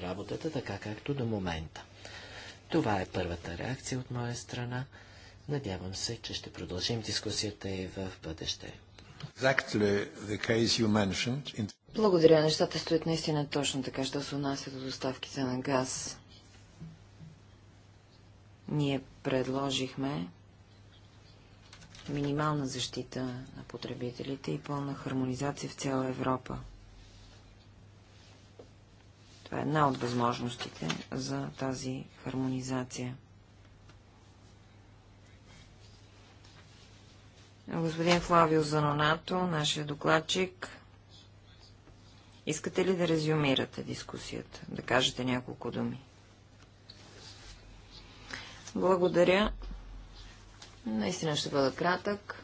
работата така както до момента. Това е първата реакция от моя страна. Надявам се, че ще продължим дискусията и в бъдеще. Благодаря. Нещата стоят наистина точно така, що се отнася до доставките на газ. Ние предложихме минимална защита на потребителите и пълна хармонизация в цяла Европа. Това е една от възможностите за тази хармонизация. Господин Флавио Занонато, нашия докладчик, искате ли да резюмирате дискусията, да кажете няколко думи? Благодаря. Наистина ще бъда кратък.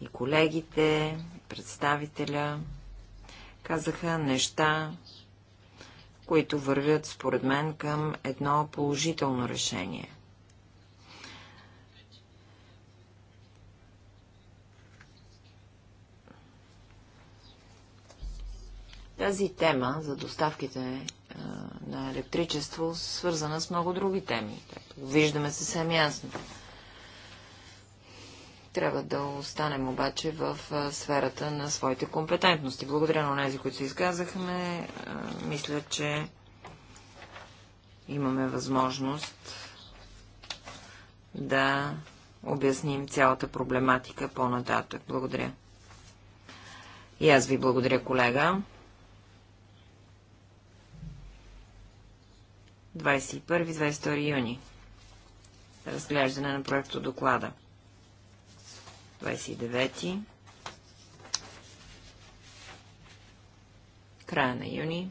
И колегите, представителя казаха неща, които вървят според мен към едно положително решение. Тази тема за доставките е, на електричество свързана с много други теми. Виждаме се съвсем ясно. Трябва да останем обаче в сферата на своите компетентности. Благодаря на тези, които се изказахме. Мисля, че имаме възможност да обясним цялата проблематика по-нататък. Благодаря. И аз ви благодаря, колега. 21-22 юни. Разглеждане на проекто доклада. 29. Края на юни.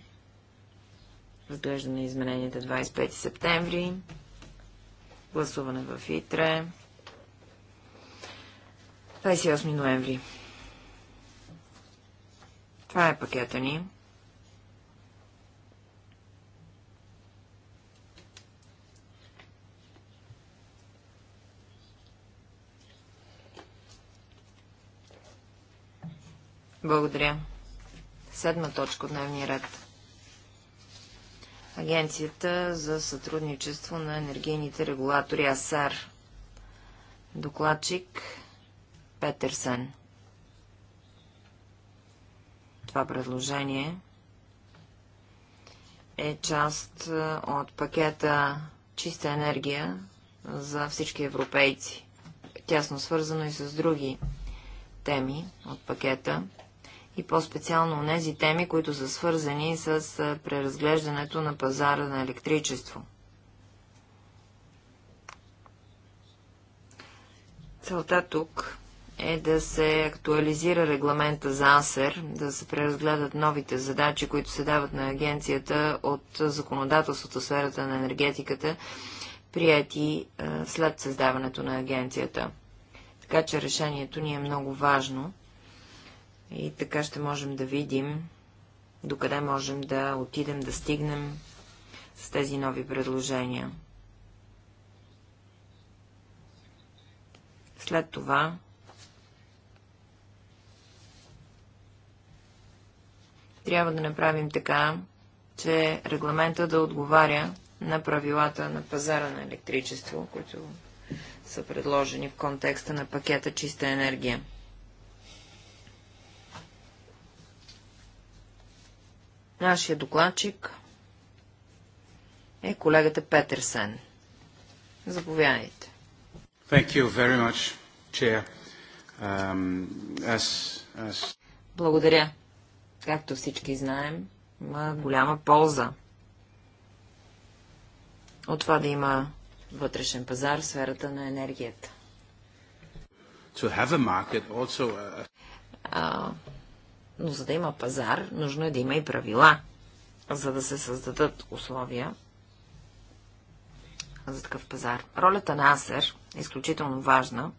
Разглеждане измененията 25 септември. Гласуване в ИТРЕ. 28 ноември. Това е пакета ни. Благодаря. Седма точка от дневния ред. Агенцията за сътрудничество на енергийните регулатори АСАР. Докладчик Петерсен. Това предложение е част от пакета Чиста енергия за всички европейци. Тясно свързано и с други теми от пакета и по-специално тези теми, които са свързани с преразглеждането на пазара на електричество. Целта тук е да се актуализира регламента за АСЕР, да се преразгледат новите задачи, които се дават на агенцията от законодателството в сферата на енергетиката, прияти след създаването на агенцията. Така че решението ни е много важно – и така ще можем да видим докъде можем да отидем, да стигнем с тези нови предложения. След това трябва да направим така, че регламента да отговаря на правилата на пазара на електричество, които са предложени в контекста на пакета чиста енергия. Нашия докладчик е колегата Петерсен. Заповядайте. Thank you very much, chair. Um, as, as... Благодаря. Както всички знаем, има голяма полза от това да има вътрешен пазар в сферата на енергията. To have a market also, uh... Но за да има пазар, нужно е да има и правила, за да се създадат условия за такъв пазар. Ролята на АСЕР е изключително важна,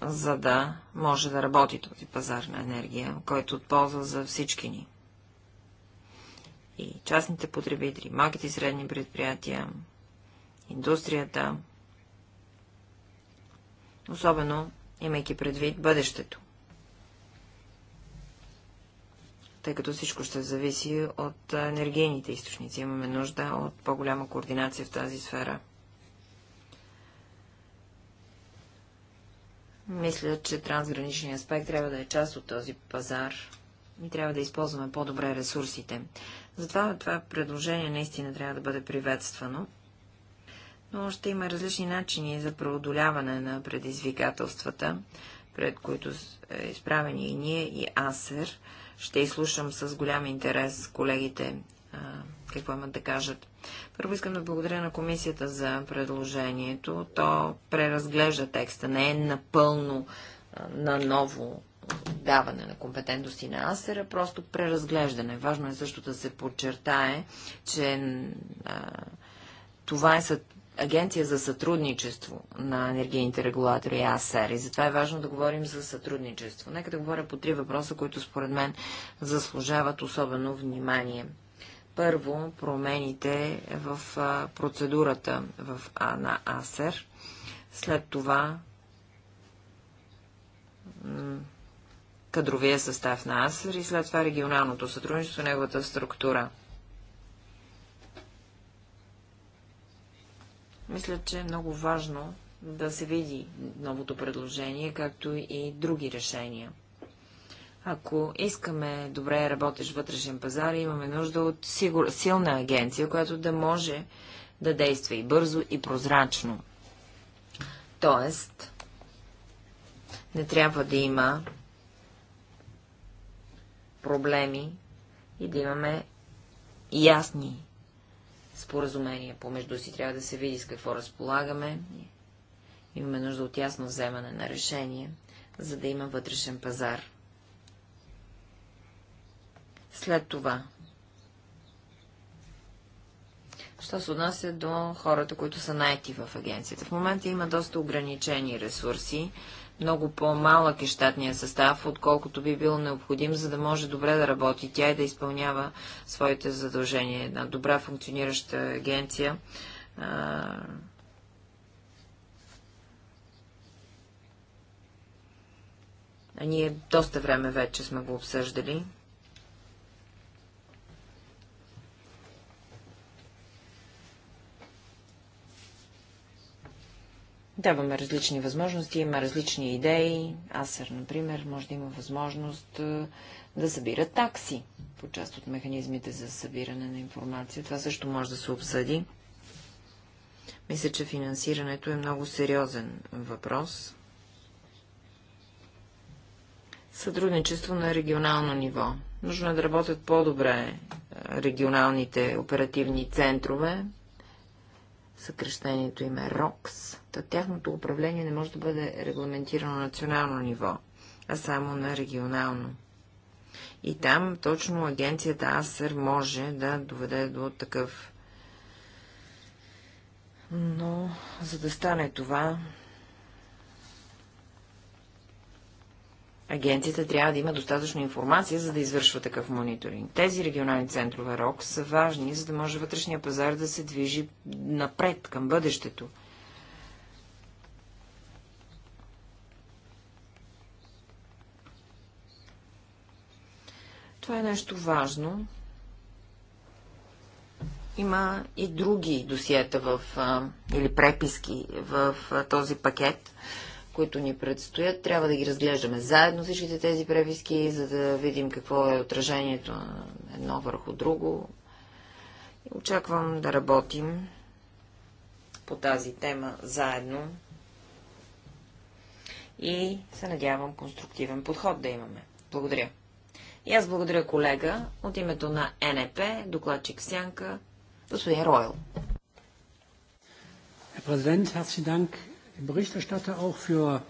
за да може да работи този пазар на енергия, който от полза за всички ни. И частните потребители, малките и средни предприятия, индустрията, особено имайки предвид бъдещето. Тъй като всичко ще зависи от енергийните източници. Имаме нужда от по-голяма координация в тази сфера. Мисля, че трансграничният аспект трябва да е част от този пазар и трябва да използваме по-добре ресурсите. Затова това предложение наистина трябва да бъде приветствано но ще има различни начини за преодоляване на предизвикателствата, пред които е изправени и ние, и АСЕР. Ще изслушам с голям интерес колегите а, какво имат да кажат. Първо искам да благодаря на комисията за предложението. То преразглежда текста, не е напълно а, на ново даване на компетентности на АСЕРа, просто преразглеждане. Важно е също да се подчертае, че а, това е съд агенция за сътрудничество на енергийните регулатори АСЕР и затова е важно да говорим за сътрудничество. Нека да говоря по три въпроса, които според мен заслужават особено внимание. Първо, промените в процедурата в, а, на АСЕР. След това кадровия състав на АСЕР и след това регионалното сътрудничество, неговата структура – Мисля, че е много важно да се види новото предложение, както и други решения. Ако искаме добре работещ вътрешен пазар, имаме нужда от сигур... силна агенция, която да може да действа и бързо, и прозрачно. Тоест, не трябва да има проблеми и да имаме ясни споразумение помежду си. Трябва да се види с какво разполагаме. Имаме нужда от ясно вземане на решение, за да има вътрешен пазар. След това. Що се отнася до хората, които са найти в агенцията? В момента има доста ограничени ресурси, много по-малък е щатния състав, отколкото би бил необходим, за да може добре да работи тя и да изпълнява своите задължения. Една добра функционираща агенция Ние доста време вече сме го обсъждали. Даваме различни възможности, има различни идеи. Асър, например, може да има възможност да събира такси по част от механизмите за събиране на информация. Това също може да се обсъди. Мисля, че финансирането е много сериозен въпрос. Сътрудничество на регионално ниво. Нужно е да работят по-добре регионалните оперативни центрове, съкрещението им е РОКС, то тяхното управление не може да бъде регламентирано на национално ниво, а само на регионално. И там точно агенцията АСЕР може да доведе до такъв. Но за да стане това, Агенцията трябва да има достатъчно информация, за да извършва такъв мониторинг. Тези регионални центрове РОК са важни, за да може вътрешния пазар да се движи напред към бъдещето. Това е нещо важно. Има и други досиета в, или преписки в този пакет, които ни предстоят. Трябва да ги разглеждаме заедно всичките тези преписки, за да видим какво е отражението на едно върху друго. И очаквам да работим по тази тема заедно и се надявам конструктивен подход да имаме. Благодаря. И аз благодаря колега от името на НЕП, докладчик Сянка, господин Ройл. Dank. Благодаря,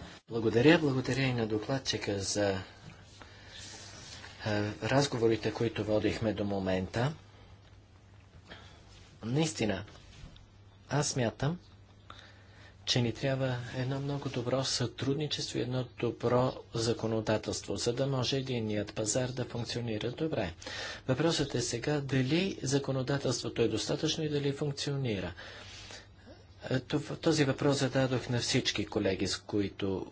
благодаря и на докладчика за разговорите, които водихме до момента. Наистина, аз мятам, че ни трябва едно много добро сътрудничество и едно добро законодателство, за да може единният пазар да функционира добре. Въпросът е сега дали законодателството е достатъчно и дали функционира. Е, този въпрос зададох на всички колеги, с които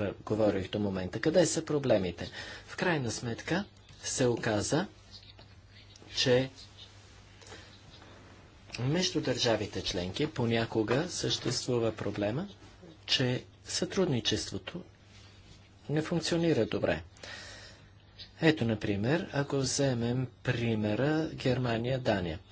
е, говорих до момента. Къде са проблемите? В крайна сметка се оказа, че между държавите членки понякога съществува проблема, че сътрудничеството не функционира добре. Ето, например, ако вземем примера Германия-Дания –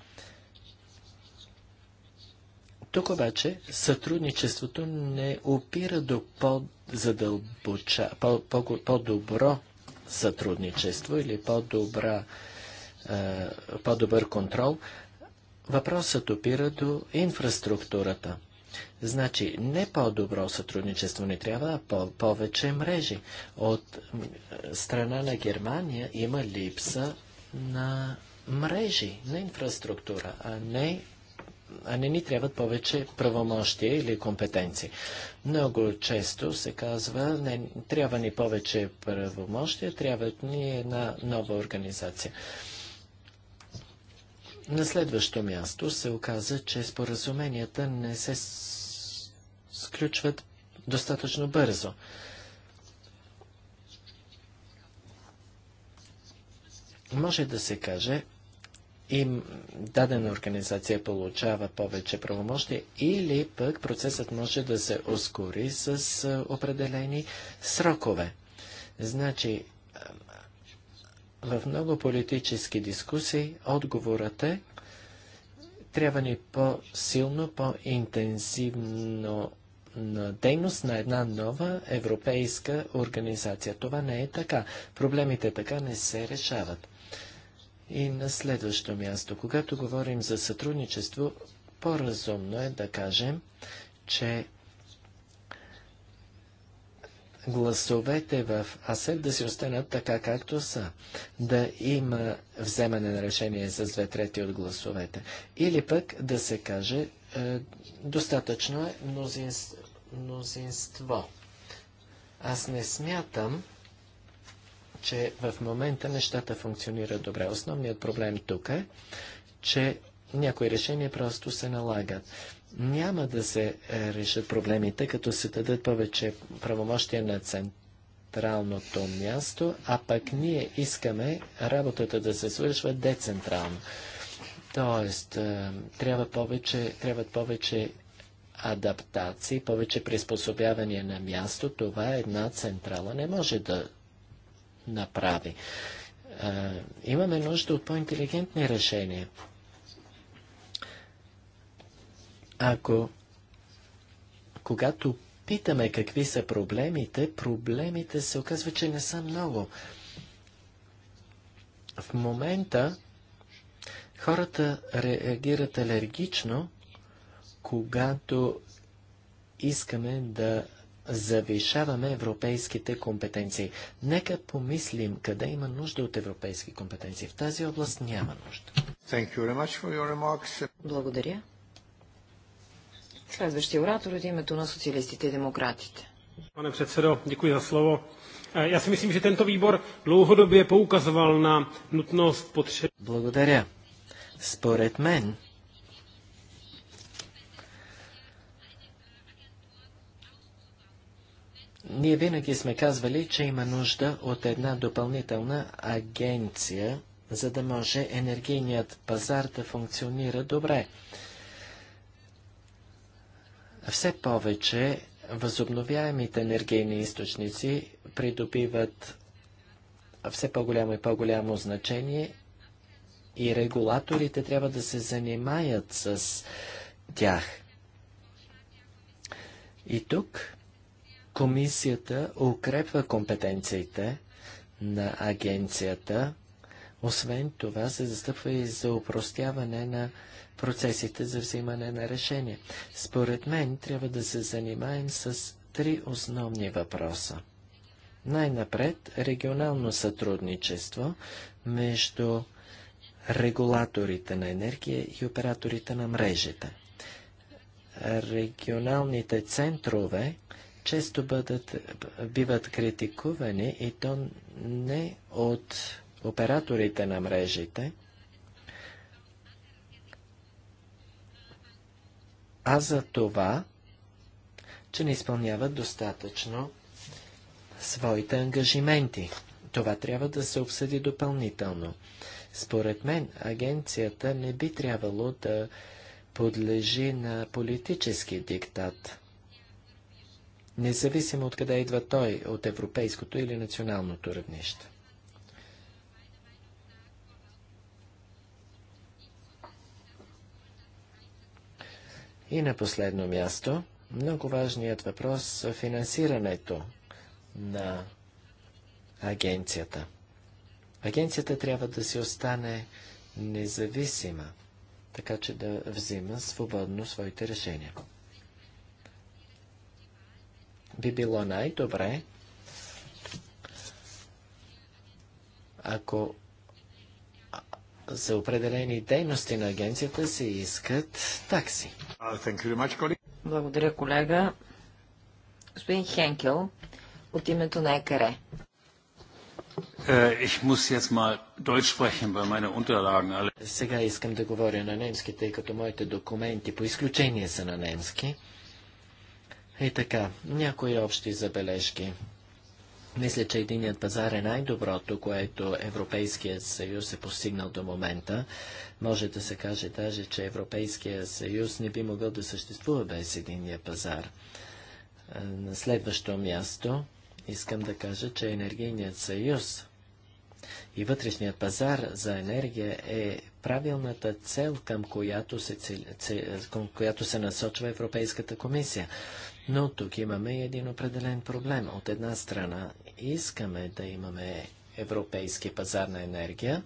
тук обаче сътрудничеството не опира до по по-добро -по -по сътрудничество или по-добра, е, по-добър контрол. Въпросът опира до инфраструктурата. Значи не по-добро сътрудничество не трябва, а по повече мрежи. От страна на Германия има липса на мрежи, на инфраструктура, а не а не ни трябват повече правомощия или компетенции. Много често се казва, не трябва ни повече правомощия, трябва ни една нова организация. На следващо място се оказа, че споразуменията не се сключват достатъчно бързо. Може да се каже, и дадена организация получава повече правомощи или пък процесът може да се ускори с определени срокове. Значи, в много политически дискусии отговорът е трябва ни по-силно, по-интензивно на дейност на една нова европейска организация. Това не е така. Проблемите така не се решават. И на следващо място, когато говорим за сътрудничество, по-разумно е да кажем, че гласовете в АСЕП да си останат така както са. Да има вземане на решение с две трети от гласовете. Или пък да се каже, е, достатъчно е мнозинство. Аз не смятам, че в момента нещата функционират добре. Основният проблем тук е, че някои решения просто се налагат. Няма да се е, решат проблемите, като се дадат повече правомощия на централното място, а пък ние искаме работата да се свършва децентрално. Тоест, е, трябва повече, трябват повече адаптации, повече приспособяване на място. Това е една централа не може да направи. А, имаме нужда от по-интелигентни решения. Ако когато питаме какви са проблемите, проблемите се оказва, че не са много. В момента хората реагират алергично, когато искаме да завишаваме европейските компетенции. Нека помислим къде има нужда от европейски компетенции. В тази област няма нужда. You Благодаря. Следващия оратор от името на социалистите и демократите. Пане председо, děkuji за слово. Я си мислим, че tento výbor dlouhodobě poukazoval на нутност потреб... Благодаря. Според мен, Ние винаги сме казвали, че има нужда от една допълнителна агенция, за да може енергийният пазар да функционира добре. Все повече възобновяемите енергийни източници придобиват все по-голямо и по-голямо значение и регулаторите трябва да се занимаят с тях. И тук Комисията укрепва компетенциите на агенцията. Освен това се застъпва и за упростяване на процесите за взимане на решения. Според мен трябва да се занимаем с три основни въпроса. Най-напред регионално сътрудничество между регулаторите на енергия и операторите на мрежите. Регионалните центрове често бъдат, биват критикувани и то не от операторите на мрежите, а за това, че не изпълняват достатъчно своите ангажименти. Това трябва да се обсъди допълнително. Според мен, агенцията не би трябвало да подлежи на политически диктат независимо откъде идва той, от европейското или националното равнище. И на последно място, много важният въпрос – финансирането на агенцията. Агенцията трябва да си остане независима, така че да взима свободно своите решения би било най-добре, ако за определени дейности на агенцията се искат такси. Благодаря, колега. Господин Хенкел, от името на ЕКРЕ. Сега искам да говоря на немски, тъй като моите документи по изключение са на немски. И е така, някои общи забележки. Мисля, че единият пазар е най-доброто, което Европейският съюз е постигнал до момента. Може да се каже даже, че Европейският съюз не би могъл да съществува без единния пазар. На следващо място искам да кажа, че енергийният съюз и вътрешният пазар за енергия е правилната цел, към която се, цели, цел, към която се насочва Европейската комисия. Но тук имаме един определен проблем. От една страна искаме да имаме европейски пазар на енергия.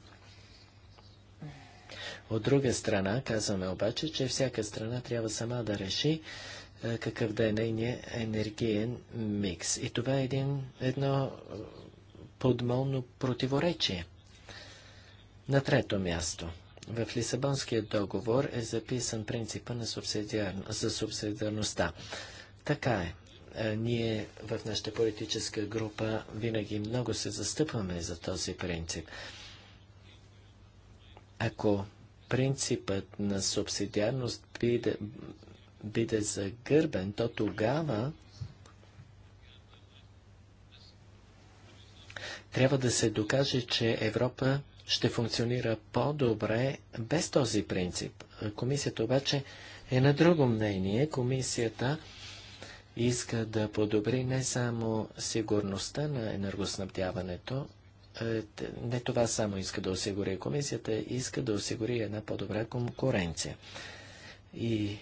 От друга страна казваме обаче, че всяка страна трябва сама да реши е, какъв да е нейният енергиен микс. И това е един, едно е, подмолно противоречие. На трето място. В Лисабонския договор е записан принципа на субсидиар... за субсидиарността. Така е. Ние в нашата политическа група винаги много се застъпваме за този принцип. Ако принципът на субсидиарност биде, биде загърбен, то тогава трябва да се докаже, че Европа ще функционира по-добре без този принцип. Комисията обаче е на друго мнение. Комисията иска да подобри не само сигурността на енергоснабдяването, е, не това само иска да осигури комисията, иска да осигури една по-добра конкуренция. И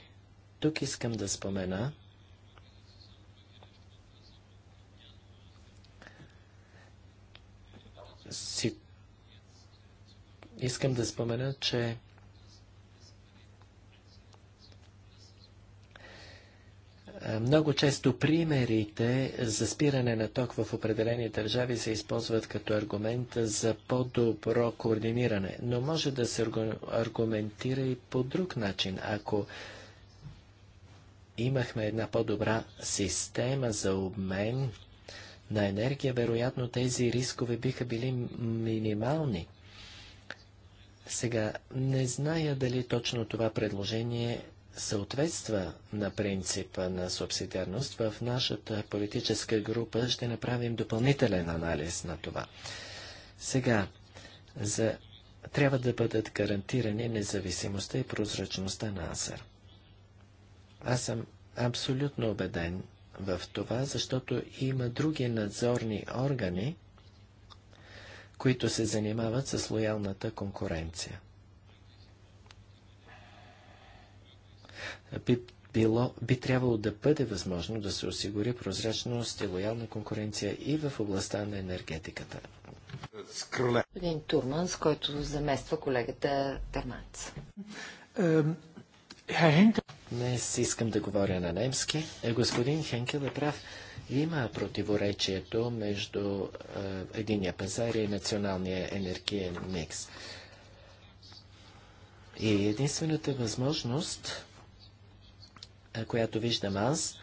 тук искам да спомена, си... искам да спомена, че Много често примерите за спиране на ток в определени държави се използват като аргумент за по-добро координиране, но може да се аргументира и по друг начин. Ако имахме една по-добра система за обмен на енергия, вероятно тези рискове биха били минимални. Сега, не зная дали точно това предложение съответства на принципа на субсидиарност, в нашата политическа група ще направим допълнителен анализ на това. Сега, за... трябва да бъдат гарантирани независимостта и прозрачността на АСЕР. Аз съм абсолютно убеден в това, защото има други надзорни органи, които се занимават с лоялната конкуренция. би, било, би трябвало да бъде възможно да се осигури прозрачност и лоялна конкуренция и в областта на енергетиката. Господин Турман, с който замества колегата Терманц. Е, Днес искам да говоря на немски. Е, господин Хенкел е прав. Има противоречието между е, единия пазар и националния енергиен микс. И единствената възможност която виждам аз,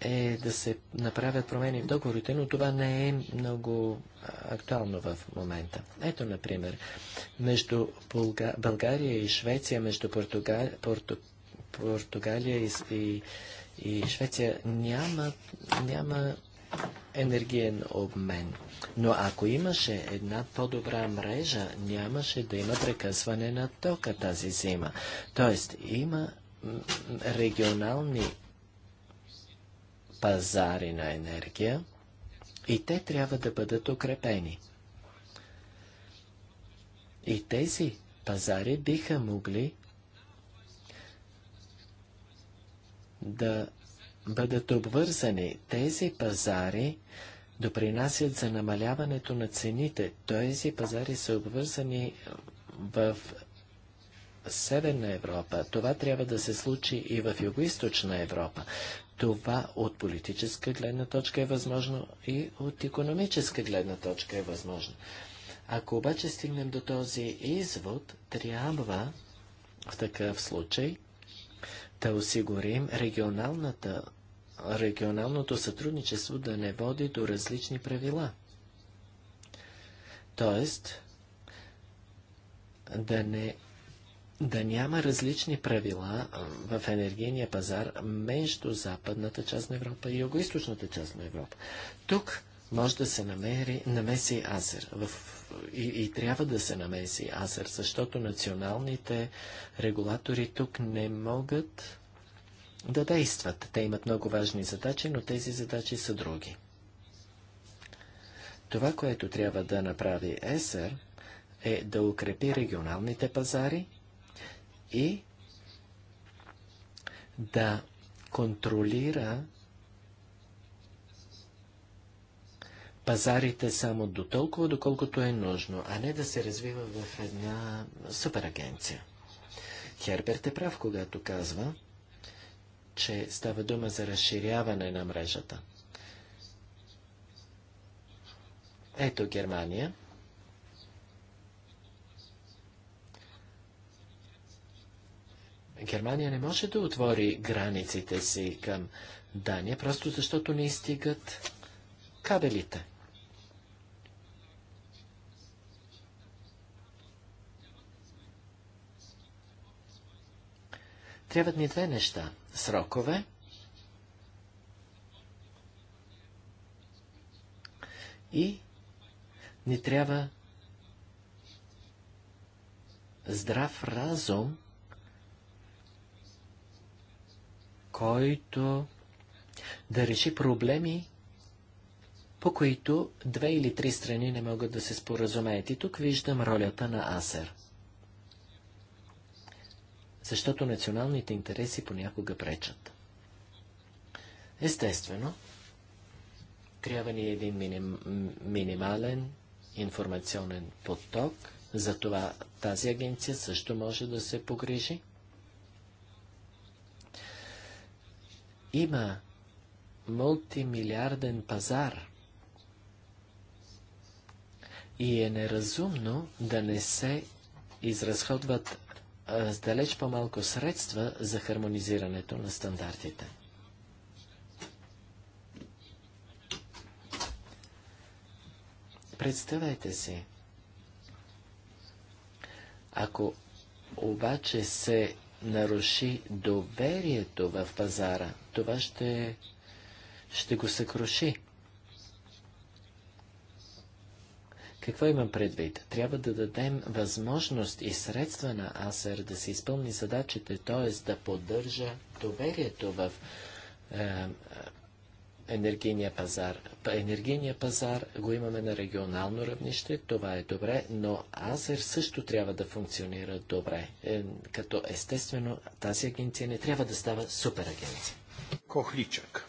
е да се направят промени в договорите, но това не е много актуално в момента. Ето, например, между Булга... България и Швеция, между Португал... Порту... Португалия и... и, и Швеция няма, няма енергиен обмен. Но ако имаше една по-добра мрежа, нямаше да има прекъсване на тока тази зима. Тоест, има регионални пазари на енергия и те трябва да бъдат укрепени. И тези пазари биха могли да бъдат обвързани. Тези пазари допринасят за намаляването на цените. Тези пазари са обвързани в Северна Европа. Това трябва да се случи и в Юго-Источна Европа. Това от политическа гледна точка е възможно и от економическа гледна точка е възможно. Ако обаче стигнем до този извод, трябва в такъв случай да осигурим регионалната, регионалното сътрудничество да не води до различни правила. Тоест, да не да няма различни правила в енергийния пазар между западната част на Европа и югоисточната част на Европа. Тук може да се намери, намеси Азер в, и, и трябва да се намеси Азер, защото националните регулатори тук не могат да действат. Те имат много важни задачи, но тези задачи са други. Това, което трябва да направи ЕСЕР, е да укрепи регионалните пазари – и да контролира пазарите само до толкова, доколкото е нужно, а не да се развива в една суперагенция. Херберт е прав, когато казва, че става дума за разширяване на мрежата. Ето Германия. Германия не може да отвори границите си към Дания, просто защото не стигат кабелите. Трябват ни две неща. Срокове и ни трябва здрав разум, който да реши проблеми, по които две или три страни не могат да се споразумеят. И тук виждам ролята на Асер. Защото националните интереси понякога пречат. Естествено, трябва ни един миним, минимален информационен поток, затова тази агенция също може да се погрижи. Има мултимилиарден пазар и е неразумно да не се изразходват с далеч по-малко средства за хармонизирането на стандартите. Представете си, ако обаче се наруши доверието в пазара, това ще, ще го съкруши. Какво имам предвид? Трябва да дадем възможност и средства на АСЕР да се изпълни задачите, т.е. да поддържа доверието в е, е енергийния пазар. Енергийния пазар го имаме на регионално равнище, това е добре, но Азер също трябва да функционира добре. Е, като естествено тази агенция не трябва да става суперагенция. Кохличък.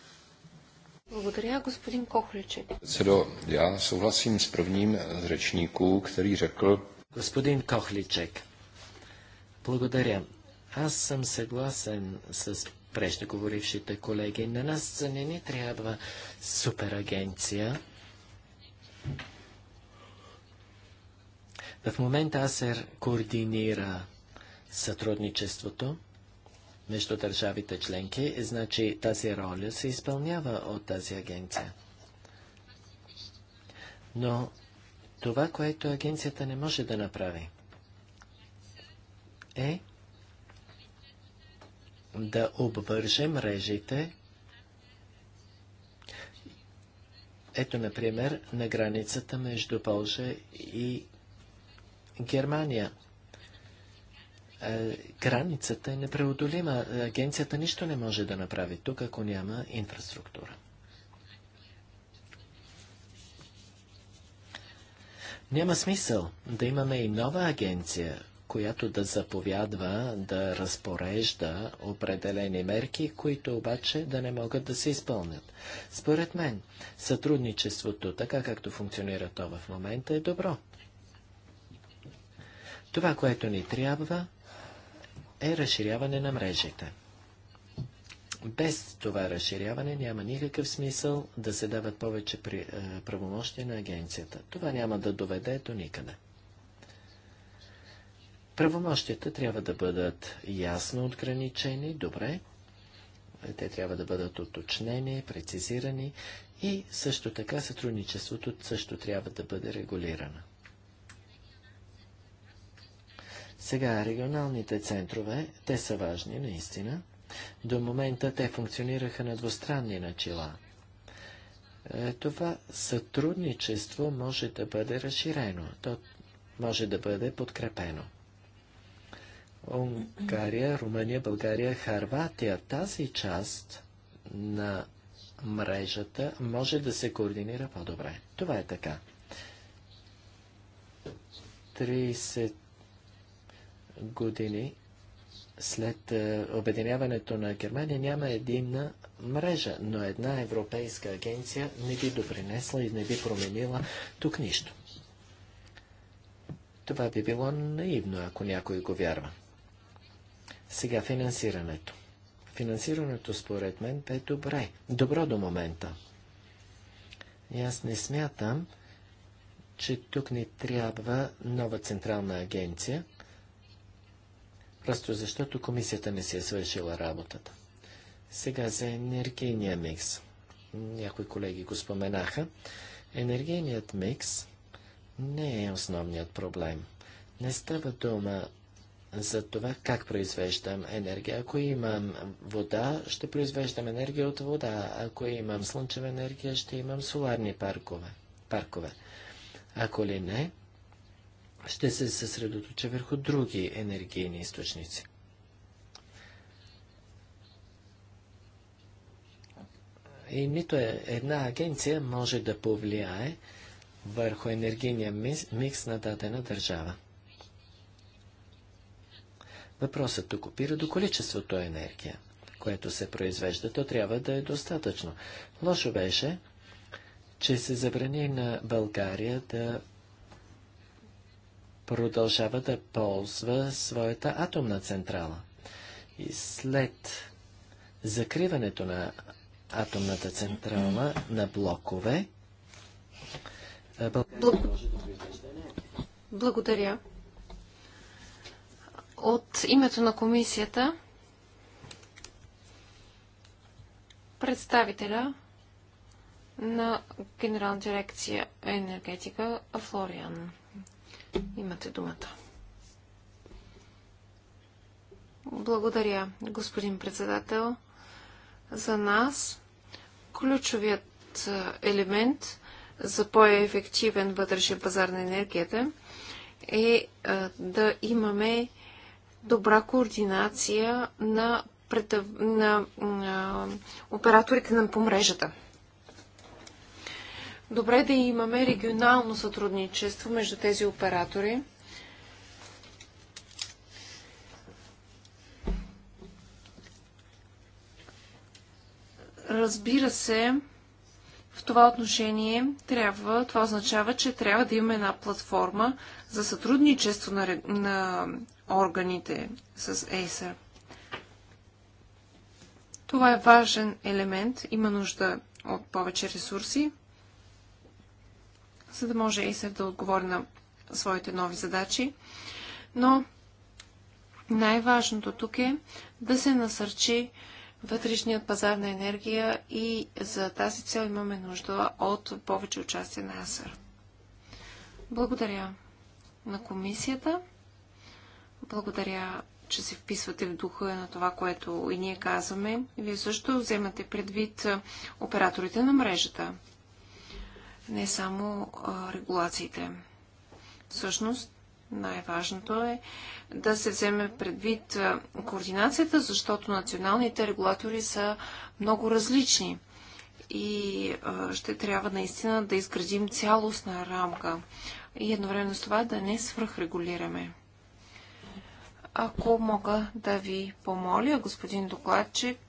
Благодаря, господин Кохличек. Седо, я souhlasím s prvním z řečníků, který řekl... Господин Кохличек, благодаря. Аз съм съгласен с прежнеговорившите колеги. На нас не ни трябва суперагенция. В момента АСЕР координира сътрудничеството между държавите членки, значи тази роля се изпълнява от тази агенция. Но това, което агенцията не може да направи, е да обвърже мрежите. Ето, например, на границата между Полша и Германия. Е, границата е непреодолима. Агенцията нищо не може да направи тук, ако няма инфраструктура. Няма смисъл да имаме и нова агенция, която да заповядва, да разпорежда определени мерки, които обаче да не могат да се изпълнят. Според мен, сътрудничеството, така както функционира то в момента, е добро. Това, което ни трябва, е разширяване на мрежите. Без това разширяване няма никакъв смисъл да се дават повече при, е, правомощия на агенцията. Това няма да доведе до никъде. Правомощията трябва да бъдат ясно отграничени, добре. Те трябва да бъдат уточнени, прецизирани и също така сътрудничеството също трябва да бъде регулирано. Сега регионалните центрове, те са важни наистина. До момента те функционираха на двустранни начала. Е, това сътрудничество може да бъде разширено, то може да бъде подкрепено. Унгария, Румъния, България, Харватия, тази част на мрежата може да се координира по-добре. Това е така. 30 години след е, обединяването на Германия няма единна мрежа, но една европейска агенция не би допринесла и не би променила тук нищо. Това би било наивно, ако някой го вярва. Сега финансирането. Финансирането според мен бе добре, добро до момента. И аз не смятам, че тук ни трябва нова централна агенция – просто защото комисията не си е свършила работата. Сега за енергийния микс. Някои колеги го споменаха. Енергийният микс не е основният проблем. Не става дума за това как произвеждам енергия. Ако имам вода, ще произвеждам енергия от вода. Ако имам слънчева енергия, ще имам соларни паркове. паркове. Ако ли не, ще се съсредоточа върху други енергийни източници. И нито е- една агенция може да повлияе върху енергийния микс на дадена държава. Въпросът тук опира до количеството енергия, което се произвежда. То трябва да е достатъчно. Лошо беше, че се забрани на България да продължава да ползва своята атомна централа. И след закриването на атомната централа на блокове, Благодаря. От името на комисията представителя на Генерална дирекция енергетика Флориан. Имате думата. Благодаря, господин председател. За нас ключовият елемент за по-ефективен вътрешен пазар на енергията е да имаме добра координация на, пред... на... на операторите на помрежата добре да имаме регионално сътрудничество между тези оператори. Разбира се, в това отношение трябва, това означава, че трябва да имаме една платформа за сътрудничество на, на органите с Acer. Това е важен елемент, има нужда от повече ресурси за да може ИСЕФ да отговори на своите нови задачи. Но най-важното тук е да се насърчи вътрешният пазар на енергия и за тази цел имаме нужда от повече участие на АСАР. Благодаря на комисията. Благодаря, че се вписвате в духа на това, което и ние казваме. Вие също вземате предвид операторите на мрежата не само регулациите. Всъщност, най-важното е да се вземе предвид координацията, защото националните регулатори са много различни и ще трябва наистина да изградим цялостна рамка и едновременно с това да не свръхрегулираме. Ако мога да ви помоля, господин докладчик,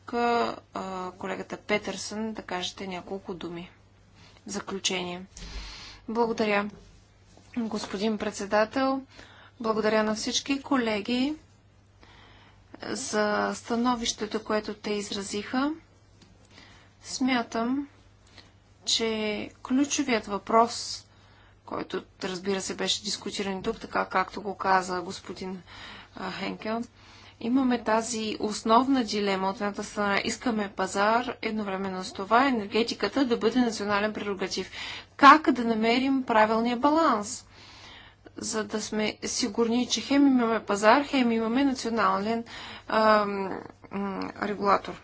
колегата Петърсън, да кажете няколко думи заключение. Благодаря, господин председател. Благодаря на всички колеги за становището, което те изразиха. Смятам, че ключовият въпрос, който разбира се беше дискутиран тук, така както го каза господин Хенкел, Имаме тази основна дилема. От едната страна искаме пазар, едновременно с това енергетиката да бъде национален прерогатив. Как да намерим правилния баланс? За да сме сигурни, че хем имаме пазар, хем имаме национален ам, регулатор.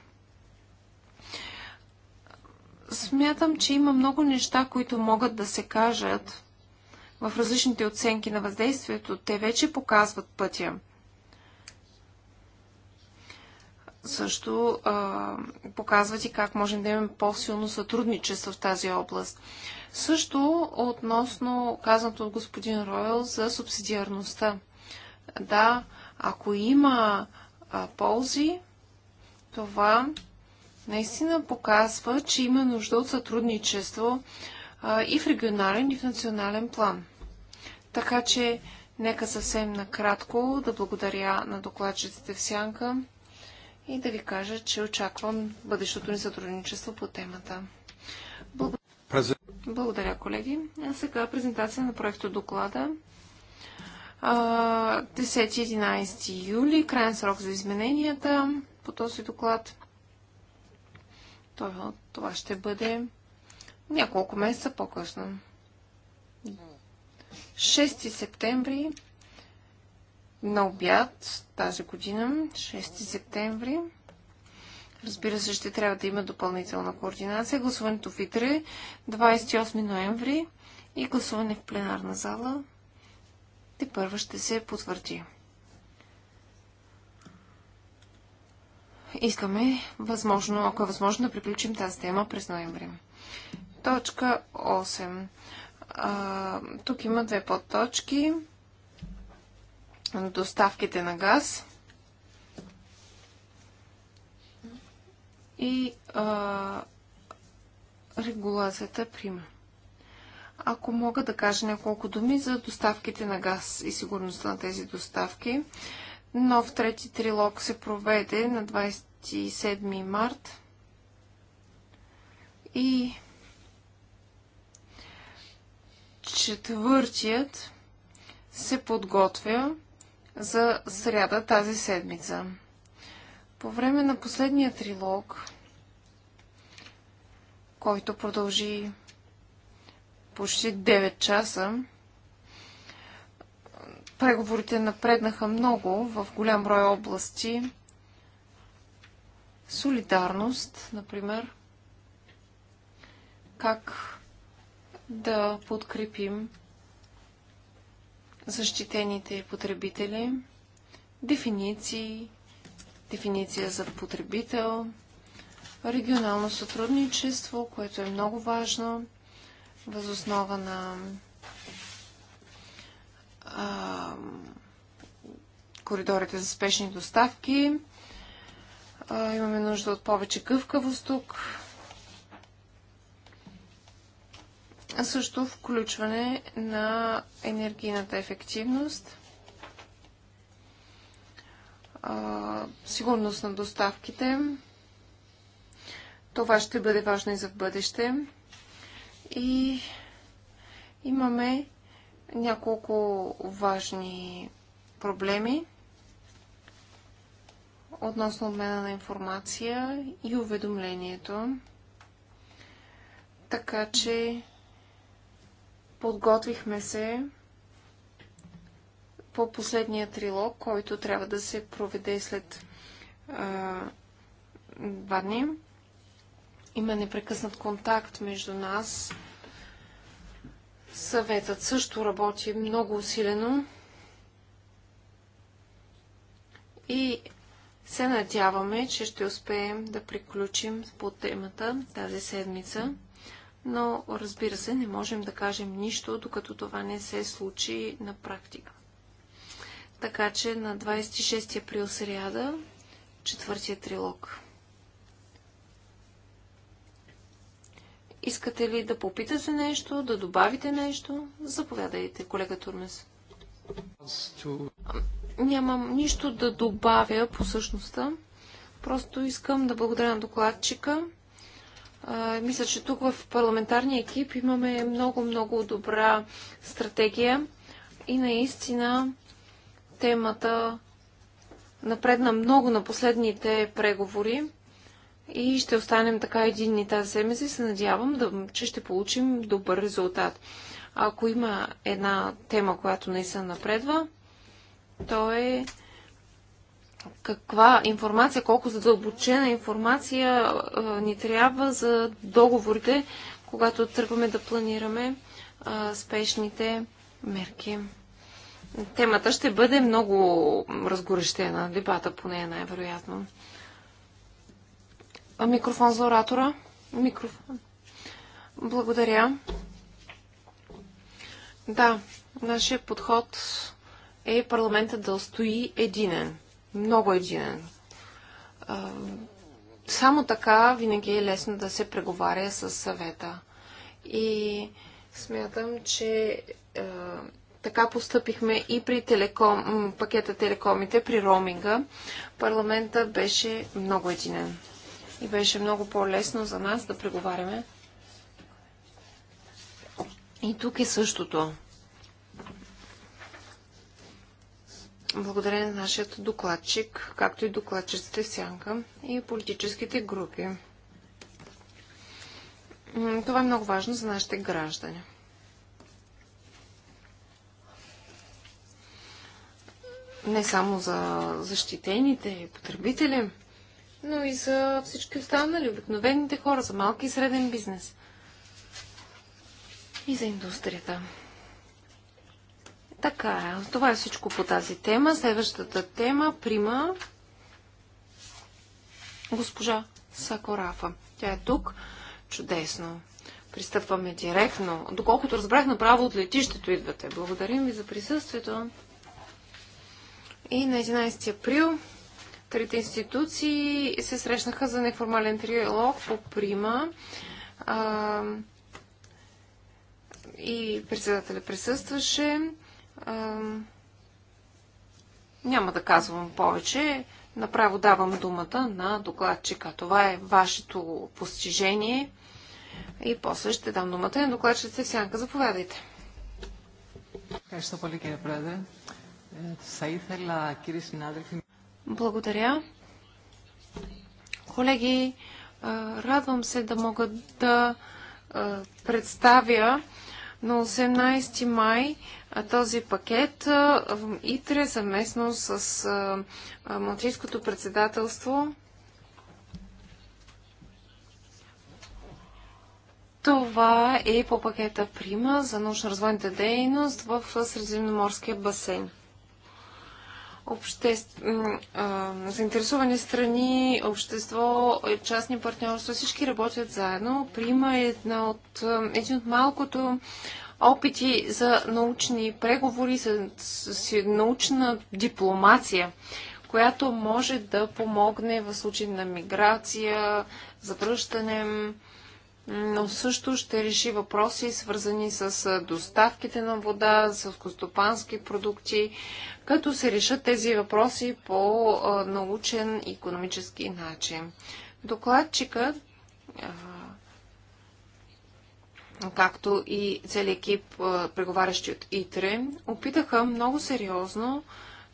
Смятам, че има много неща, които могат да се кажат в различните оценки на въздействието. Те вече показват пътя. също а, показват и как можем да имаме по-силно сътрудничество в тази област. Също относно казаното от господин Ройл за субсидиарността. Да, ако има а, ползи, това наистина показва, че има нужда от сътрудничество а, и в регионален, и в национален план. Така че, нека съвсем накратко да благодаря на докладчиците в Сянка и да ви кажа, че очаквам бъдещото ни сътрудничество по темата. Благодаря, колеги. А сега презентация на проекто доклада. 10-11 юли, крайен срок за измененията по този доклад. това ще бъде няколко месеца по-късно. 6 септември на обяд тази година, 6 септември. Разбира се, ще трябва да има допълнителна координация. Гласуването в ИТРЕ 28 ноември и гласуване в пленарна зала те първа ще се потвърди. Искаме, възможно, ако е възможно, да приключим тази тема през ноември. Точка 8. А, тук има две подточки доставките на газ и а, регулацията прима. Ако мога да кажа няколко думи за доставките на газ и сигурността на тези доставки, нов трети трилог се проведе на 27 март и четвъртият се подготвя за сряда тази седмица. По време на последния трилог, който продължи почти 9 часа, преговорите напреднаха много в голям брой области. Солидарност, например, как да подкрепим защитените потребители, дефиниции, дефиниция за потребител, регионално сътрудничество, което е много важно, възоснова на а, коридорите за спешни доставки. А, имаме нужда от повече гъвкавост тук, а също включване на енергийната ефективност, сигурност на доставките. Това ще бъде важно и за в бъдеще. И имаме няколко важни проблеми относно обмена на информация и уведомлението. Така че Подготвихме се по последния трилог, който трябва да се проведе след а, два дни. Има непрекъснат контакт между нас. Съветът също работи много усилено и се надяваме, че ще успеем да приключим по темата тази седмица но разбира се, не можем да кажем нищо, докато това не се случи на практика. Така че на 26 април сряда, четвъртия трилог. Искате ли да попитате нещо, да добавите нещо? Заповядайте, колега Турмес. Нямам нищо да добавя по същността. Просто искам да благодаря на докладчика мисля, че тук в парламентарния екип имаме много-много добра стратегия и наистина темата напредна много на последните преговори и ще останем така единни тази седмица и се надявам, да, че ще получим добър резултат. Ако има една тема, която не се напредва, то е каква информация, колко задълбочена информация а, ни трябва за договорите, когато тръгваме да планираме а, спешните мерки. Темата ще бъде много разгорещена, дебата по нея най-вероятно. Микрофон за оратора. Микрофон. Благодаря. Да, нашия подход е парламентът да стои единен много е единен. Само така винаги е лесно да се преговаря с съвета. И смятам, че е, така постъпихме и при телеком, пакета телекомите, при роуминга. Парламента беше много единен. И беше много по-лесно за нас да преговаряме. И тук е същото. благодарение на нашия докладчик, както и докладчиците Сянка и политическите групи. Това е много важно за нашите граждани. Не само за защитените потребители, но и за всички останали, обикновените хора, за малки и среден бизнес и за индустрията. Така, е. това е всичко по тази тема. Следващата тема, прима госпожа Сакорафа. Тя е тук. Чудесно. Пристъпваме директно. Доколкото разбрах, направо от летището идвате. Благодарим ви за присъствието. И на 11 април трите институции се срещнаха за неформален триалог по прима. и председателя присъстваше няма да казвам повече. Направо давам думата на докладчика. Това е вашето постижение. И после ще дам думата на докладчица Сянка. Заповядайте. Благодаря. Колеги, радвам се да мога да представя на 18 май този пакет ИТРЕ съвместно с малтийското председателство Това е по пакета Прима за научно-развойната дейност в Средиземноморския басейн обще... заинтересовани страни, общество, е, частни партньорства, всички работят заедно. Прима е една от, един от малкото опити за научни преговори, за, за научна дипломация, която може да помогне в случай на миграция, завръщане, но също ще реши въпроси, свързани с доставките на вода, с костопански продукти, като се решат тези въпроси по научен и економически начин. докладчика, както и целият екип, преговарящи от ИТРЕ, опитаха много сериозно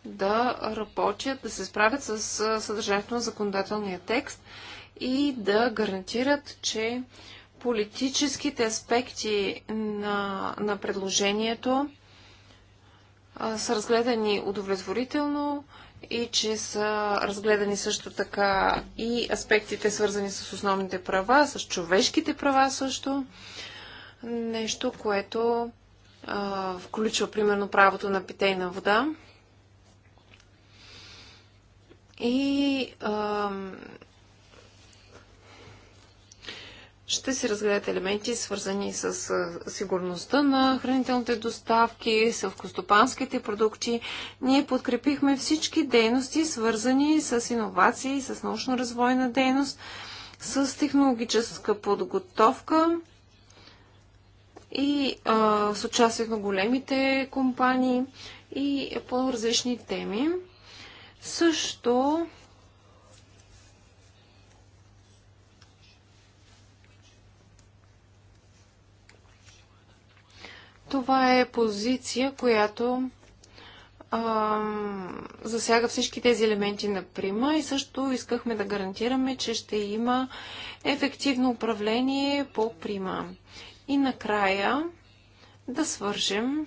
да работят, да се справят с съдържанието на законодателния текст и да гарантират, че политическите аспекти на, на предложението а, са разгледани удовлетворително и че са разгледани също така и аспектите свързани с основните права, с човешките права също. Нещо, което а, включва примерно правото на питейна вода. И а, ще се разгледат елементи, свързани с сигурността на хранителните доставки, съвкостопанските продукти. Ние подкрепихме всички дейности, свързани с иновации, с научно-развойна дейност, с технологическа подготовка и а, с участие на големите компании и по различни теми. Също Това е позиция, която а, засяга всички тези елементи на прима и също искахме да гарантираме, че ще има ефективно управление по прима. И накрая да свържем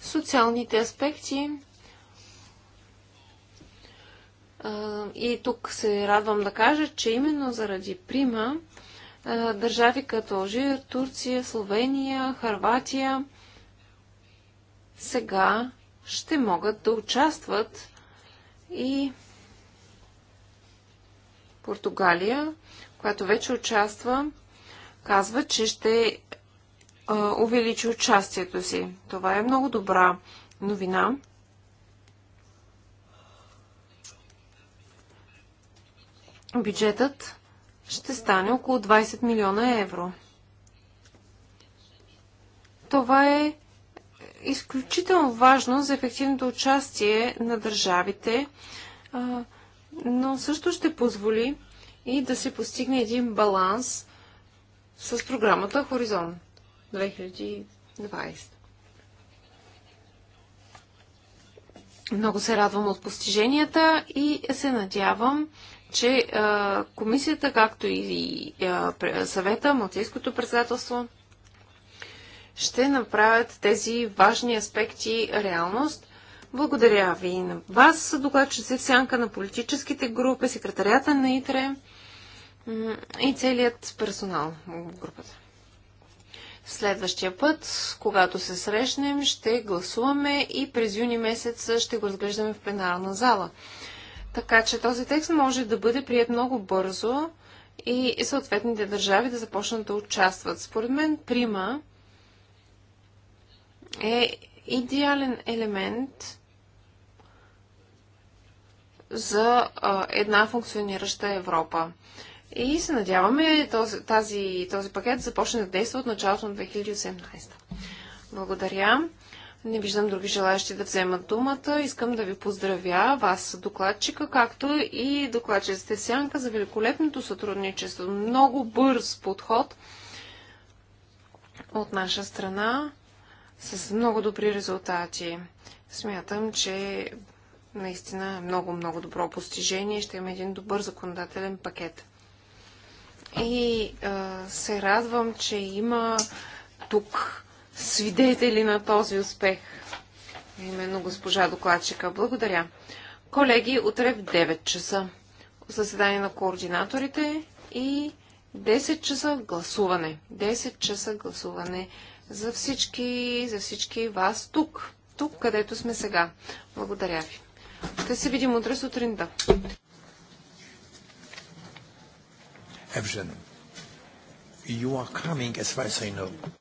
социалните аспекти. А, и тук се радвам да кажа, че именно заради прима държави като Алжир, Турция, Словения, Харватия сега ще могат да участват и Португалия, която вече участва, казва, че ще увеличи участието си. Това е много добра новина. Бюджетът ще стане около 20 милиона евро. Това е изключително важно за ефективното участие на държавите, но също ще позволи и да се постигне един баланс с програмата Хоризон 2020. Много се радвам от постиженията и се надявам, че а, комисията, както и а, съвета, Малтийското председателство, ще направят тези важни аспекти реалност. Благодаря ви на вас, докладчици в сянка на политическите групи, секретарията на ИТРЕ и целият персонал в групата. Следващия път, когато се срещнем, ще гласуваме и през юни месец ще го разглеждаме в пленарна зала. Така че този текст може да бъде прият много бързо и съответните държави да започнат да участват. Според мен прима е идеален елемент за една функционираща Европа. И се надяваме този, тази, този пакет започне да действа от началото на 2018. Благодаря. Не виждам други желаящи да вземат думата. Искам да ви поздравя вас, докладчика, както и докладчиците Сянка за великолепното сътрудничество. Много бърз подход от наша страна с много добри резултати. Смятам, че наистина е много, много добро постижение. Ще има един добър законодателен пакет. И а, се радвам, че има тук свидетели на този успех. Именно госпожа докладчика. Благодаря. Колеги, утре в 9 часа заседание на координаторите и 10 часа гласуване. 10 часа гласуване за всички, за всички вас тук, тук, където сме сега. Благодаря ви. Ще се видим утре сутринта. Evgen, you are coming as far as I know.